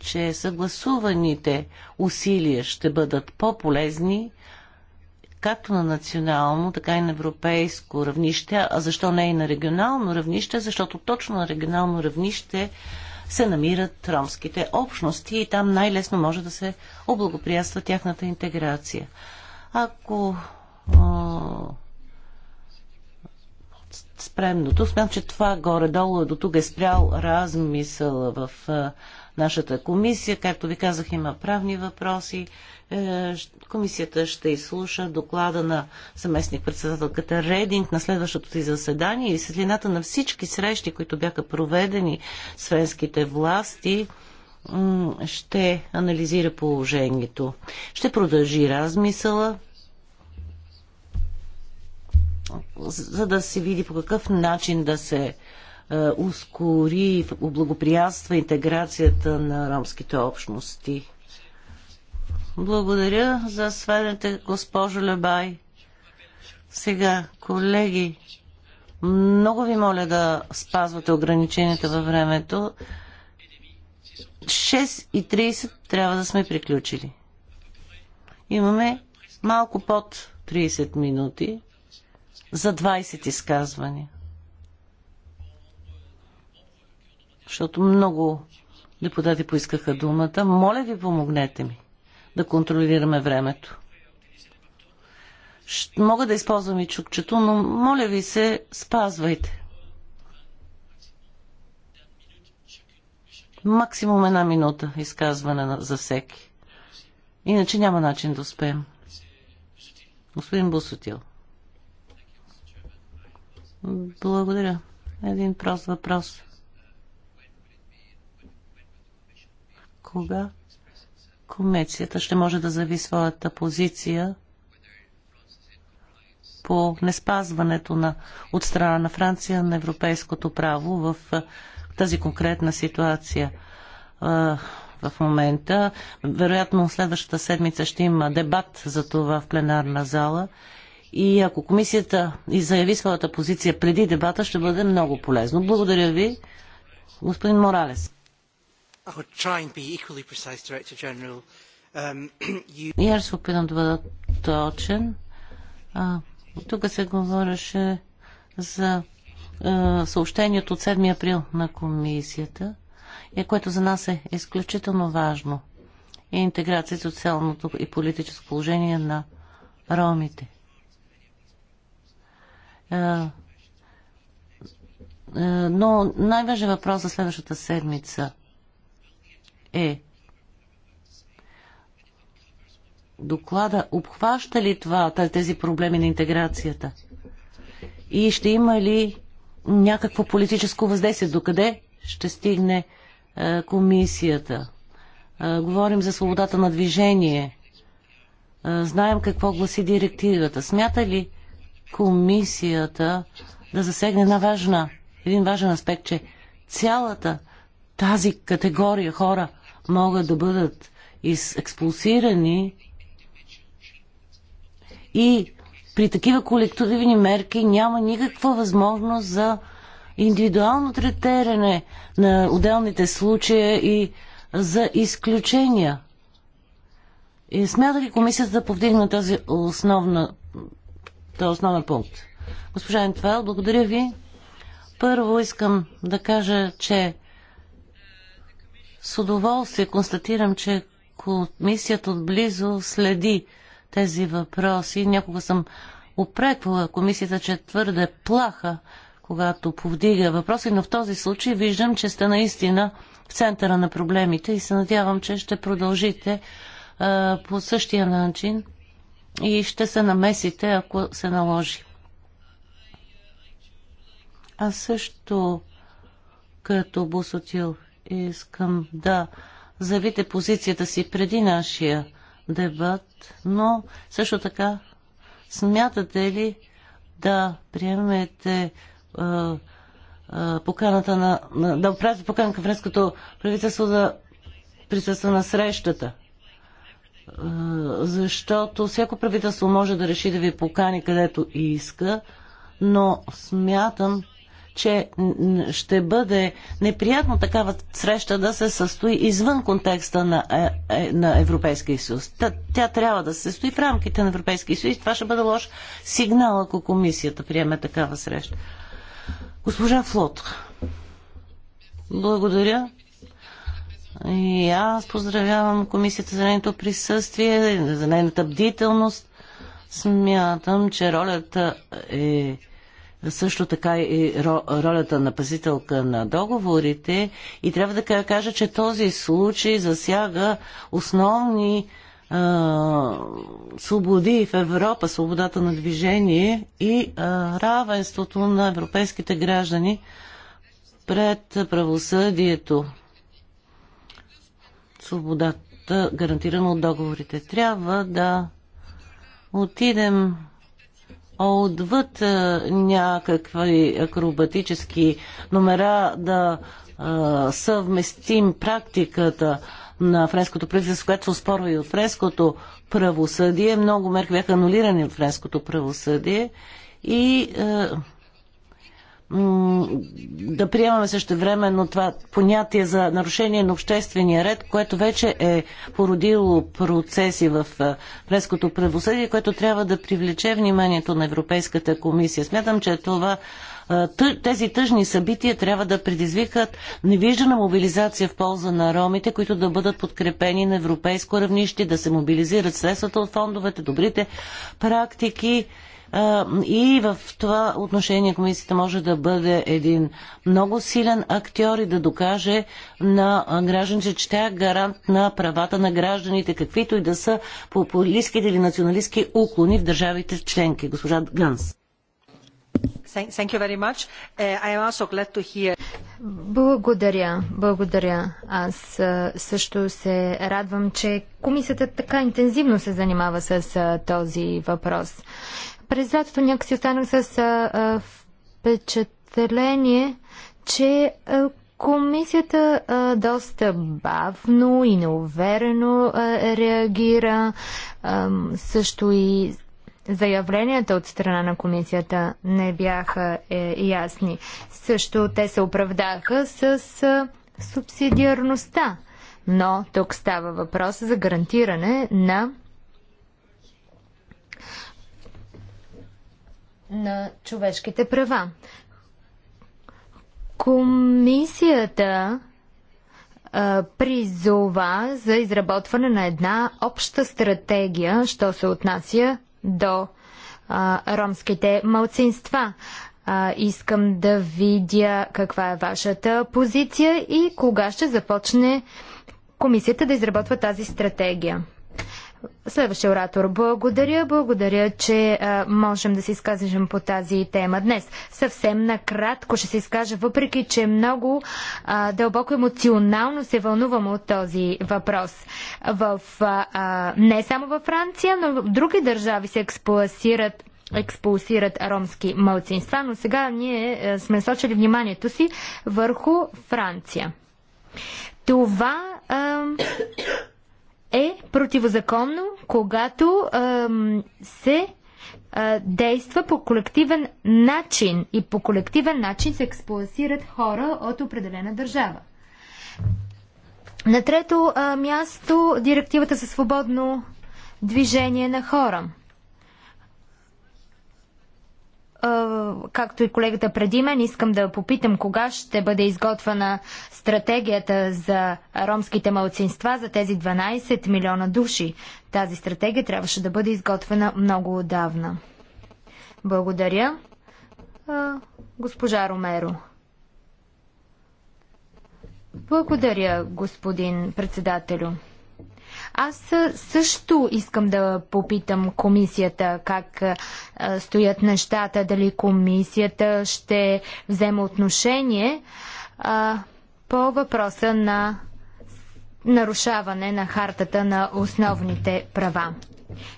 че съгласуваните усилия ще бъдат по-полезни както на национално, така и на европейско равнище, а защо не и на регионално равнище, защото точно на регионално равнище се намират ромските общности и там най-лесно може да се облагоприятства тяхната интеграция. Ако спрем Смятам, че това горе-долу е до тук е спрял размисъл в нашата комисия. Както ви казах, има правни въпроси. Е, комисията ще изслуша доклада на съместник председателката Рединг на следващото си заседание и светлината на всички срещи, които бяха проведени с френските власти ще анализира положението. Ще продължи размисъла за да се види по какъв начин да се е, ускори и облагоприятства интеграцията на ромските общности. Благодаря за сведете, госпожо Лебай. Сега, колеги, много ви моля да спазвате ограниченията във времето. 6.30 трябва да сме приключили. Имаме малко под 30 минути за 20 изказвания. Защото много депутати поискаха думата. Моля ви, помогнете ми да контролираме времето. Мога да използвам и чукчето, но моля ви се, спазвайте. Максимум една минута изказване за всеки. Иначе няма начин да успеем. Господин Бусотил. Благодаря. Един прост въпрос. Кога комецията ще може да зави своята позиция по неспазването на, от страна на Франция на европейското право в тази конкретна ситуация в момента. Вероятно следващата седмица ще има дебат за това в пленарна зала и ако комисията и заяви своята позиция преди дебата, ще бъде много полезно. Благодаря ви, господин Моралес. Um, и аз ще опитам да бъда точен. А, тук се говореше за а, съобщението от 7 април на комисията, което за нас е изключително важно. И интеграция, социалното и политическо положение на ромите. Но най-важен въпрос за следващата седмица е доклада обхваща ли това, тези проблеми на интеграцията? И ще има ли някакво политическо въздействие? Докъде ще стигне комисията? говорим за свободата на движение. знаем какво гласи директивата. Смята ли комисията да засегне една важна, един важен аспект, че цялата тази категория хора могат да бъдат експулсирани и при такива колективни мерки няма никаква възможност за индивидуално третиране на отделните случаи и за изключения. И смята ли комисията да повдигна тази основна то е основен пункт. Госпожа Ентвел, благодаря ви. Първо искам да кажа, че с удоволствие констатирам, че комисията отблизо следи тези въпроси. Някога съм опреквала комисията, че е твърде плаха, когато повдига въпроси, но в този случай виждам, че сте наистина в центъра на проблемите и се надявам, че ще продължите а, по същия начин и ще се намесите, ако се наложи. Аз също като бусотил, искам да завите позицията си преди нашия дебат, но също така смятате ли да приемете поканата на, да отправите покана към френското правителство да присъства на срещата? защото всяко правителство може да реши да ви покани където иска, но смятам, че ще бъде неприятно такава среща да се състои извън контекста на, е, е на Европейския съюз. Тя, тя трябва да се състои в рамките на Европейския съюз. Това ще бъде лош сигнал, ако комисията приеме такава среща. Госпожа Флот. Благодаря. И аз поздравявам комисията за нейното присъствие, за нейната бдителност. Смятам, че ролята е също така и ролята на пазителка на договорите и трябва да кажа, че този случай засяга основни а, свободи в Европа, свободата на движение и а, равенството на европейските граждани пред правосъдието свободата, гарантирана от договорите. Трябва да отидем отвъд някакви акробатически номера да а, съвместим практиката на френското правителство, което се оспорва и от френското правосъдие. Много мерки бяха анулирани от френското правосъдие и а, да приемаме също времено това понятие за нарушение на обществения ред, което вече е породило процеси в плеското правосъдие, което трябва да привлече вниманието на Европейската комисия. Смятам, че това тези тъжни събития трябва да предизвикат невиждана мобилизация в полза на ромите, които да бъдат подкрепени на европейско равнище, да се мобилизират средствата от фондовете, добрите практики и в това отношение комисията може да бъде един много силен актьор и да докаже на гражданите, че тя е гарант на правата на гражданите, каквито и да са популистските или националистски уклони в държавите членки. Госпожа Ганс. Uh, благодаря, благодаря. Аз също се радвам, че комисията така интензивно се занимава с този въпрос. През лятото някакси останах с впечатление, че Комисията доста бавно и неуверено реагира. също и заявленията от страна на комисията не бяха е, ясни. Също те се оправдаха с е, субсидиарността. Но тук става въпрос за гарантиране на на човешките права. Комисията е, призова за изработване на една обща стратегия, що се отнася до а, ромските малцинства. А, искам да видя каква е вашата позиция и кога ще започне комисията да изработва тази стратегия. Следващия оратор. Благодаря, благодаря, че а, можем да се изказвам по тази тема днес. Съвсем накратко ще се изкажа, въпреки че много а, дълбоко емоционално се вълнувам от този въпрос. В, а, а, не само във Франция, но в други държави се експлуасират експулсират ромски мълцинства, но сега ние сме сочили вниманието си върху Франция. Това а, е противозаконно, когато ем, се е, действа по колективен начин и по колективен начин се експлуатират хора от определена държава. На трето е, място директивата за свободно движение на хора – както и колегата преди мен, искам да попитам кога ще бъде изготвена стратегията за ромските малцинства за тези 12 милиона души. Тази стратегия трябваше да бъде изготвена много отдавна. Благодаря. Госпожа Ромеро. Благодаря, господин председателю. Аз също искам да попитам комисията как стоят нещата, дали комисията ще вземе отношение а, по въпроса на нарушаване на хартата на основните права.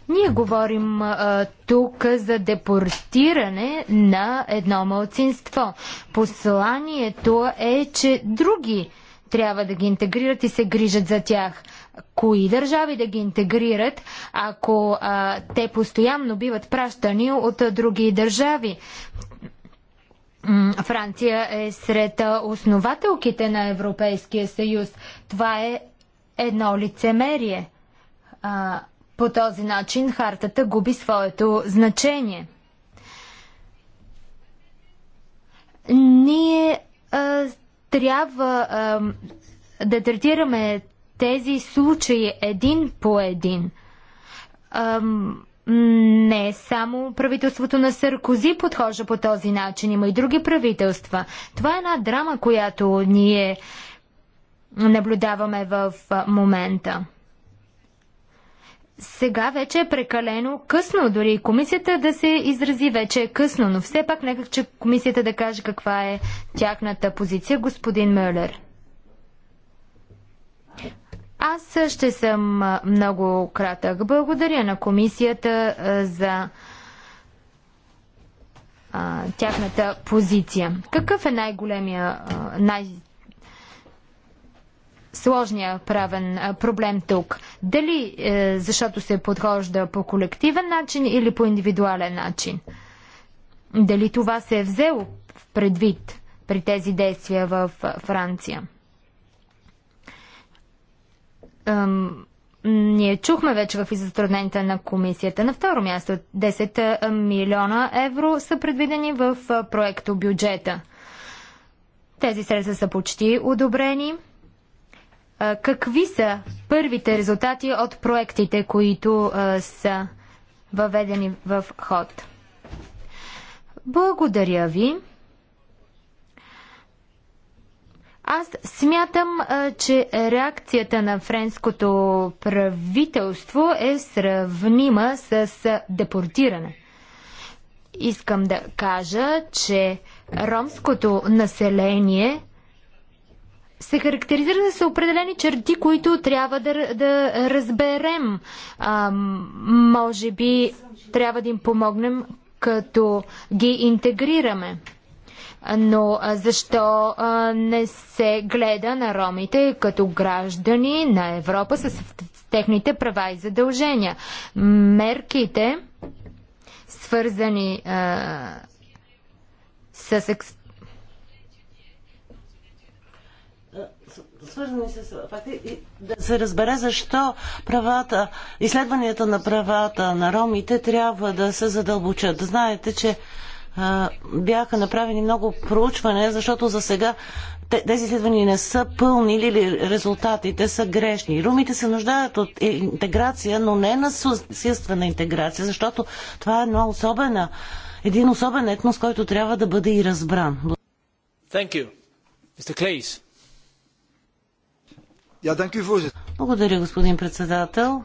Ние говорим а, тук за депортиране на едно мълцинство. Посланието е, че други трябва да ги интегрират и се грижат за тях. Кои държави да ги интегрират, ако а, те постоянно биват пращани от а, други държави? Франция е сред основателките на Европейския съюз. Това е едно лицемерие. А, по този начин хартата губи своето значение. Ние а, трябва а, да третираме тези случаи един по един. А, не само правителството на Саркози подхожда по този начин, има и други правителства. Това е една драма, която ние наблюдаваме в момента сега вече е прекалено късно. Дори комисията да се изрази вече е късно, но все пак нека че комисията да каже каква е тяхната позиция, господин Мюллер. Аз ще съм много кратък. Благодаря на комисията за тяхната позиция. Какъв е най-големия, най сложния правен проблем тук. Дали е, защото се подхожда по колективен начин или по индивидуален начин? Дали това се е взело в предвид при тези действия в Франция? ние чухме вече в изостроднените на комисията. На второ място 10 милиона евро са предвидени в проекто бюджета. Тези средства са почти одобрени. Какви са първите резултати от проектите, които са въведени в ход? Благодаря ви. Аз смятам, че реакцията на френското правителство е сравнима с депортиране. Искам да кажа, че ромското население се характеризира с определени черти, които трябва да, да разберем. А, може би трябва да им помогнем, като ги интегрираме. Но защо а, не се гледа на ромите като граждани на Европа с техните права и задължения? Мерките, свързани а, с експериментите, свързани с факта и да се разбере защо правата, изследванията на правата на ромите трябва да се задълбочат. Знаете, че а, бяха направени много проучвания, защото за сега тези изследвания не са пълни или резултатите са грешни. Румите се нуждаят от интеграция, но не на насилствена интеграция, защото това е едно особена, един особен етнос, който трябва да бъде и разбран. Thank you. Mr. Clays. Благодаря, господин председател.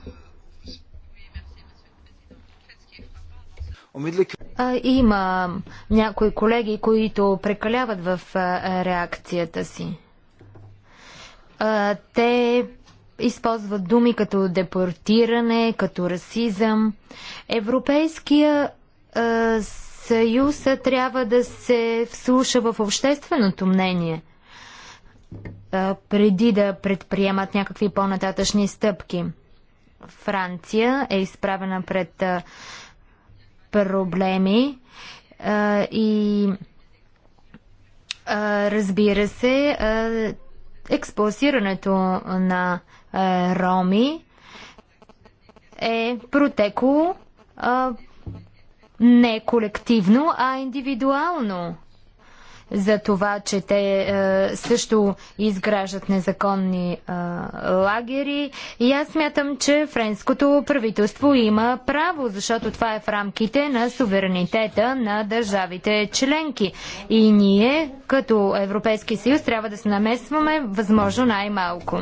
Има някои колеги, които прекаляват в реакцията си. Те използват думи като депортиране, като расизъм. Европейския съюз трябва да се вслуша в общественото мнение – преди да предприемат някакви по-нататъчни стъпки. Франция е изправена пред проблеми и разбира се експулсирането на роми е протекло не колективно, а индивидуално за това, че те е, също изграждат незаконни е, лагери. И аз смятам, че френското правителство има право, защото това е в рамките на суверенитета на държавите членки. И ние, като Европейски съюз, трябва да се намесваме възможно най-малко.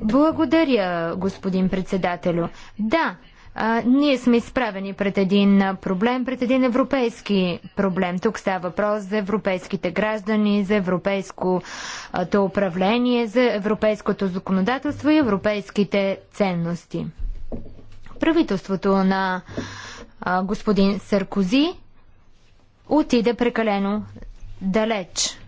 Благодаря, господин председателю. Да, а, ние сме изправени пред един проблем, пред един европейски проблем. Тук става въпрос за европейските граждани, за европейското управление, за европейското законодателство и европейските ценности. Правителството на а, господин Саркози отиде прекалено далеч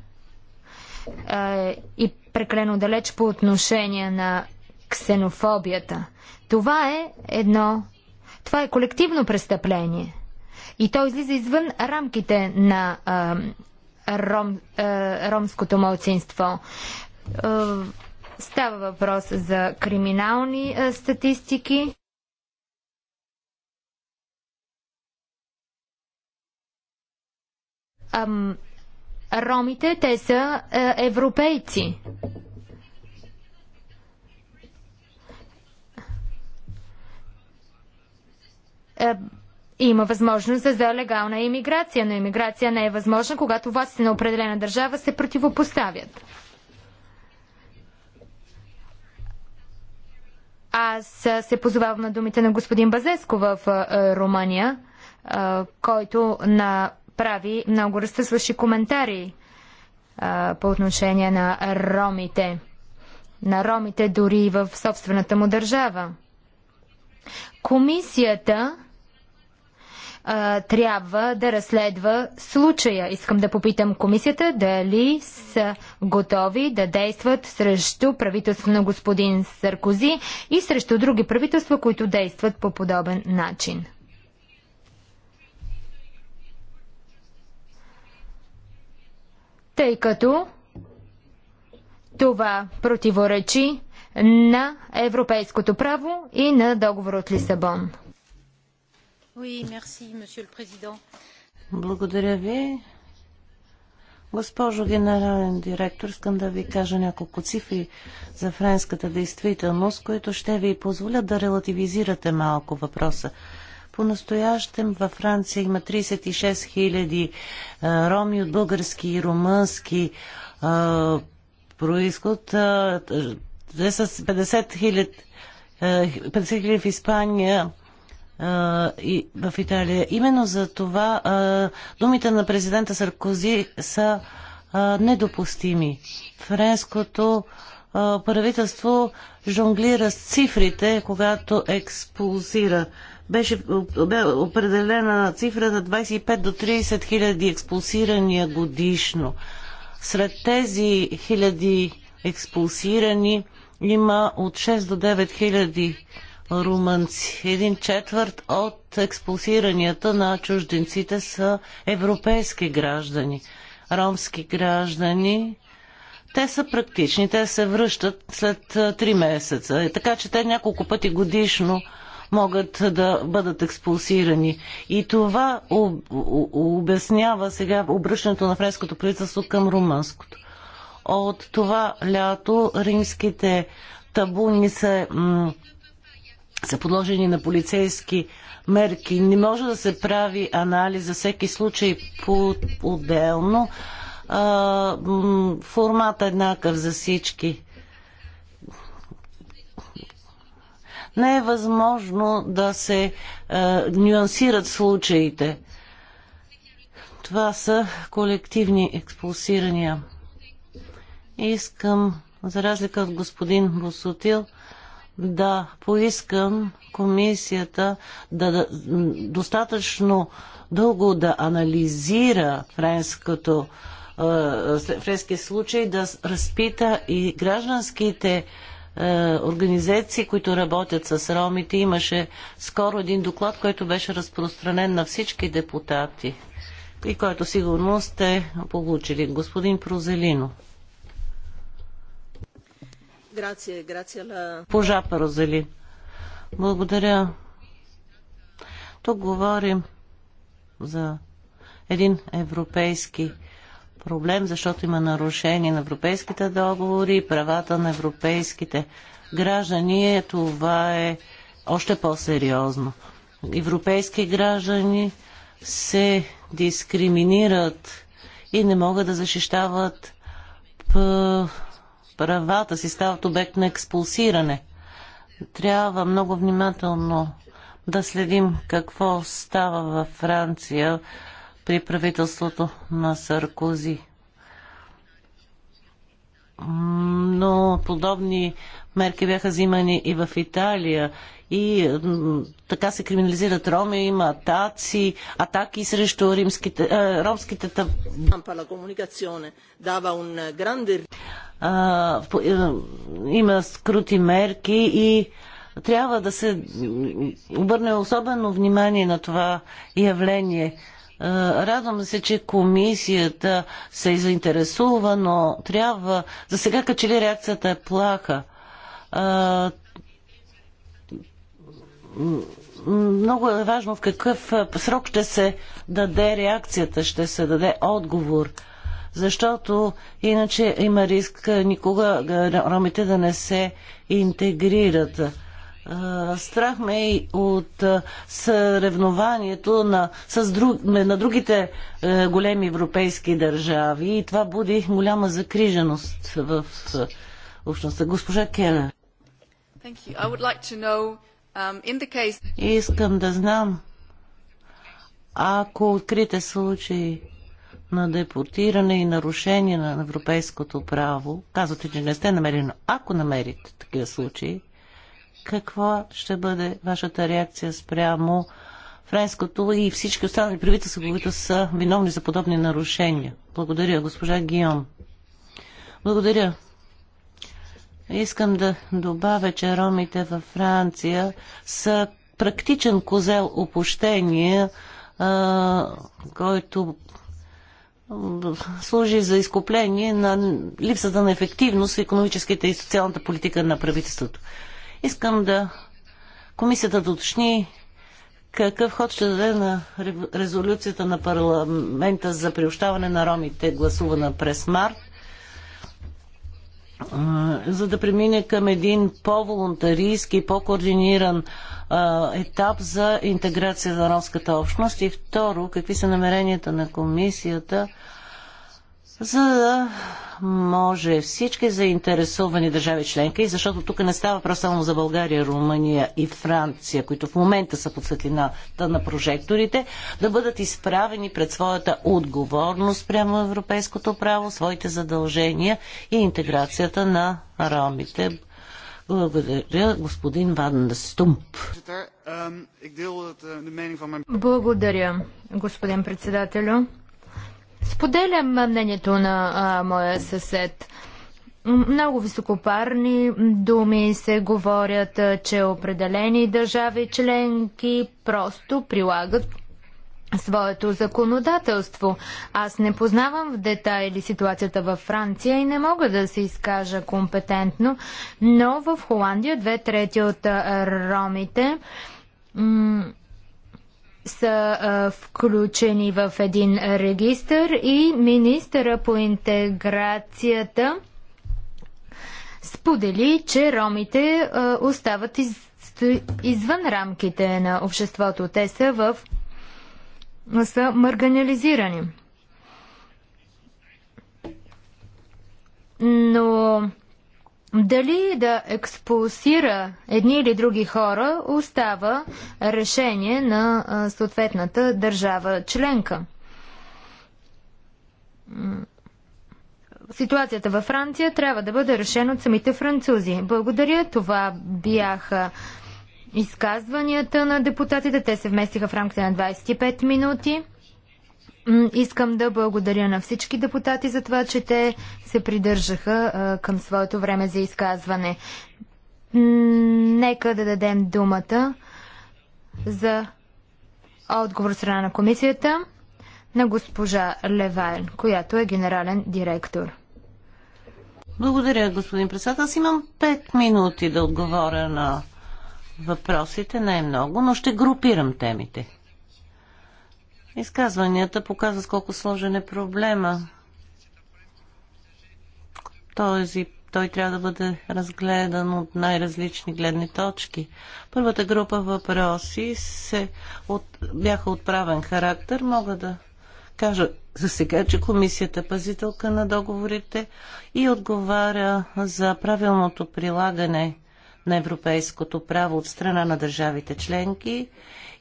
а, и прекалено далеч по отношение на ксенофобията. Това е едно това е колективно престъпление. И то излиза извън рамките на а, ром, а, ромското мълцинство. А, става въпрос за криминални а, статистики. А, ромите, те са а, европейци. Е, има възможност за легална иммиграция, но иммиграция не е възможна, когато властите на определена държава се противопоставят. Аз се позовавам на думите на господин Базеско в Румъния, който направи много разтъсващи коментари по отношение на ромите. На ромите дори и в собствената му държава. Комисията а, трябва да разследва случая. Искам да попитам комисията дали са готови да действат срещу правителство на господин Саркози и срещу други правителства, които действат по подобен начин. Тъй като това противоречи на европейското право и на договор от Лисабон. Благодаря ви. Госпожо генерален директор, искам да ви кажа няколко цифри за френската действителност, които ще ви позволят да релативизирате малко въпроса. По-настоящем във Франция има 36 000 роми от български и румънски а, происход. А, те са 50 000, 50 000 в Испания, и, в Италия. Именно за това а, думите на президента Саркози са а, недопустими. Френското а, правителство жонглира с цифрите, когато експулсира. Беше бе определена цифра на 25 до 30 хиляди експулсирания годишно. Сред тези хиляди експулсирани има от 6 до 9 хиляди румънци. Един четвърт от експулсиранията на чужденците са европейски граждани, ромски граждани. Те са практични, те се връщат след 3 месеца. Е, така че те няколко пъти годишно могат да бъдат експулсирани. И това обяснява сега обръщането на френското правителство към румънското. От това лято римските табуни се са подложени на полицейски мерки. Не може да се прави анализ за всеки случай по-отделно. Формата е еднакъв за всички. Не е възможно да се а, нюансират случаите. Това са колективни експулсирания. Искам, за разлика от господин Босотил, да поискам комисията да, да достатъчно дълго да анализира френското е, френски случай, да разпита и гражданските е, организации, които работят с ромите. Имаше скоро един доклад, който беше разпространен на всички депутати и който сигурно сте получили. Господин Прозелино. Грация, Благодаря. Тук говорим за един европейски проблем, защото има нарушение на европейските договори и правата на европейските граждани. Това е още по-сериозно. Европейски граждани се дискриминират и не могат да защищават правата си стават обект на експулсиране. Трябва много внимателно да следим какво става във Франция при правителството на Саркози. Но подобни мерки бяха взимани и в Италия. И така се криминализират роми, има атаци, атаки срещу римските, а, е, ромските тъп... А, е, има скрути мерки и трябва да се обърне особено внимание на това явление. Е, радвам се, че комисията се е заинтересува, но трябва... За сега качели реакцията е плаха много е важно в какъв срок ще се даде реакцията, ще се даде отговор. Защото иначе има риск никога ромите да не се интегрират. Страх ме и от съревнованието на, с друг, на другите големи европейски държави и това буди голяма закриженост в общността. Госпожа Келер. Um, Искам да знам, ако открите случаи на депортиране и нарушение на европейското право, казвате, че не сте но Ако намерите такива случаи, каква ще бъде вашата реакция спрямо френското и всички останали правителства, които са виновни за подобни нарушения? Благодаря, госпожа Гион. Благодаря. Искам да добавя, че ромите във Франция са практичен козел опущение, който служи за изкупление на липсата на ефективност в економическата и социалната политика на правителството. Искам да комисията да уточни какъв ход ще даде на резолюцията на парламента за приобщаване на ромите, гласувана през март за да премине към един по-волонтарийски, по-координиран етап за интеграция за ромската общност? И второ, какви са намеренията на комисията за да може всички заинтересовани държави членки, и защото тук не става въпрос само за България, Румъния и Франция, които в момента са под светлината на прожекторите, да бъдат изправени пред своята отговорност прямо европейското право, своите задължения и интеграцията на ромите. Благодаря, господин Ван Стумп. Ehm, eh, Благодаря, господин председателю. Споделям мнението на а, моя съсед. Много високопарни думи се говорят, че определени държави членки просто прилагат своето законодателство. Аз не познавам в детайли ситуацията във Франция и не мога да се изкажа компетентно, но в Холандия две трети от ромите са а, включени в един регистр и министъра по интеграцията сподели, че ромите а, остават из, извън рамките на обществото. Те са в са марганализирани. Но дали да експулсира едни или други хора остава решение на съответната държава членка. Ситуацията във Франция трябва да бъде решена от самите французи. Благодаря. Това бяха изказванията на депутатите. Те се вместиха в рамките на 25 минути. Искам да благодаря на всички депутати за това, че те се придържаха към своето време за изказване. Нека да дадем думата за отговор страна на комисията на госпожа Левайн, която е генерален директор. Благодаря, господин председател. Аз имам 5 минути да отговоря на въпросите. Не е много, но ще групирам темите. Изказванията показват колко сложен е проблема. Този той трябва да бъде разгледан от най-различни гледни точки. Първата група въпроси се от, бяха отправен характер. Мога да кажа за сега, че комисията е пазителка на договорите и отговаря за правилното прилагане на европейското право от страна на държавите членки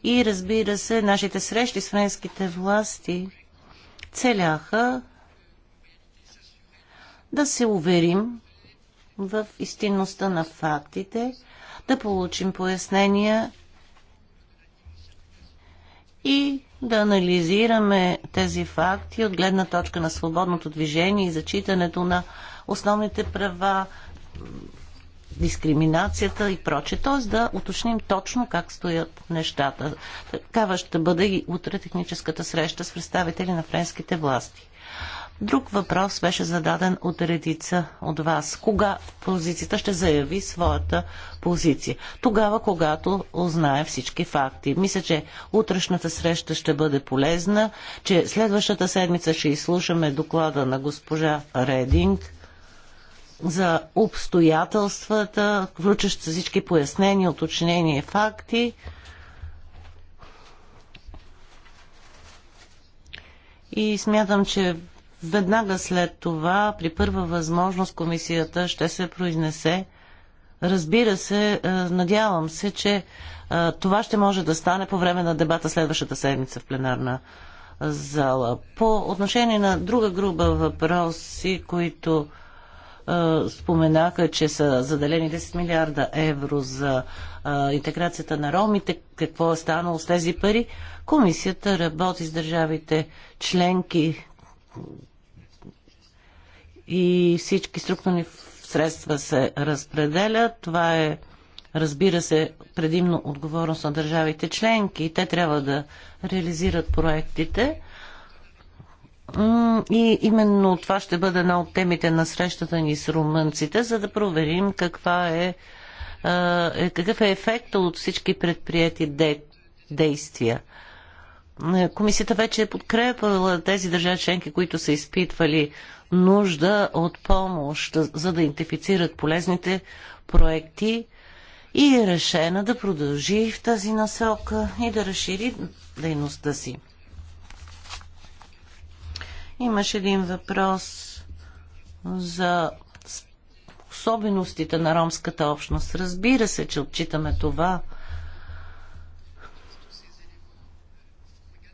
и разбира се, нашите срещи с френските власти целяха да се уверим в истинността на фактите, да получим пояснения и да анализираме тези факти от гледна точка на свободното движение и зачитането на основните права, дискриминацията и проче. Т.е. да уточним точно как стоят нещата. Такава ще бъде и утре техническата среща с представители на френските власти. Друг въпрос беше зададен от редица от вас. Кога позицията ще заяви своята позиция? Тогава, когато узнае всички факти. Мисля, че утрешната среща ще бъде полезна, че следващата седмица ще изслушаме доклада на госпожа Рединг за обстоятелствата, включващи всички пояснения, уточнения и факти. И смятам, че веднага след това, при първа възможност, комисията ще се произнесе. Разбира се, е, надявам се, че е, това ще може да стане по време на дебата следващата седмица в пленарна зала. По отношение на друга група въпроси, които споменаха, че са заделени 10 милиарда евро за интеграцията на ромите. Какво е станало с тези пари? Комисията работи с държавите членки и всички структурни средства се разпределят. Това е, разбира се, предимно отговорност на държавите членки. Те трябва да реализират проектите. И именно това ще бъде една от темите на срещата ни с румънците, за да проверим каква е, е какъв е ефект от всички предприяти де, действия. Е, комисията вече е подкрепила тези държави членки, които са изпитвали нужда от помощ, за да идентифицират полезните проекти и е решена да продължи в тази насока и да разшири дейността си. Имаше един въпрос за особеностите на ромската общност. Разбира се, че отчитаме това.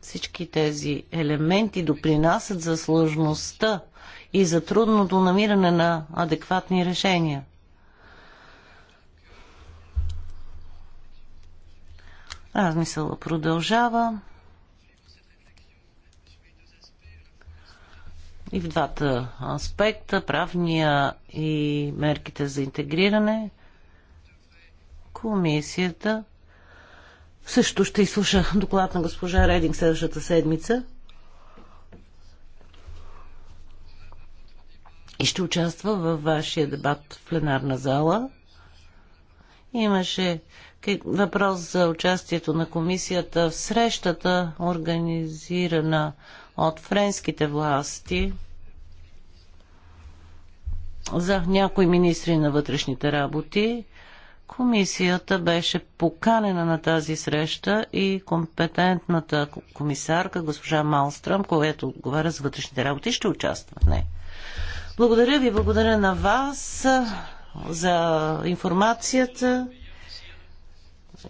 Всички тези елементи допринасят за сложността и за трудното намиране на адекватни решения. Размисъл продължава. и в двата аспекта, правния и мерките за интегриране, комисията също ще изслуша доклад на госпожа Рединг следващата седмица и ще участва във вашия дебат в пленарна зала. Имаше въпрос за участието на комисията в срещата, организирана от френските власти за някои министри на вътрешните работи. Комисията беше поканена на тази среща и компетентната комисарка, госпожа Малстрам, която отговаря за вътрешните работи, ще участва в нея. Благодаря ви, благодаря на вас за информацията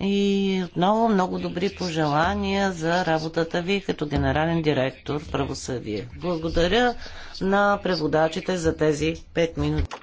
и отново много добри пожелания за работата ви като генерален директор правосъдие. Благодаря на преводачите за тези 5 минути.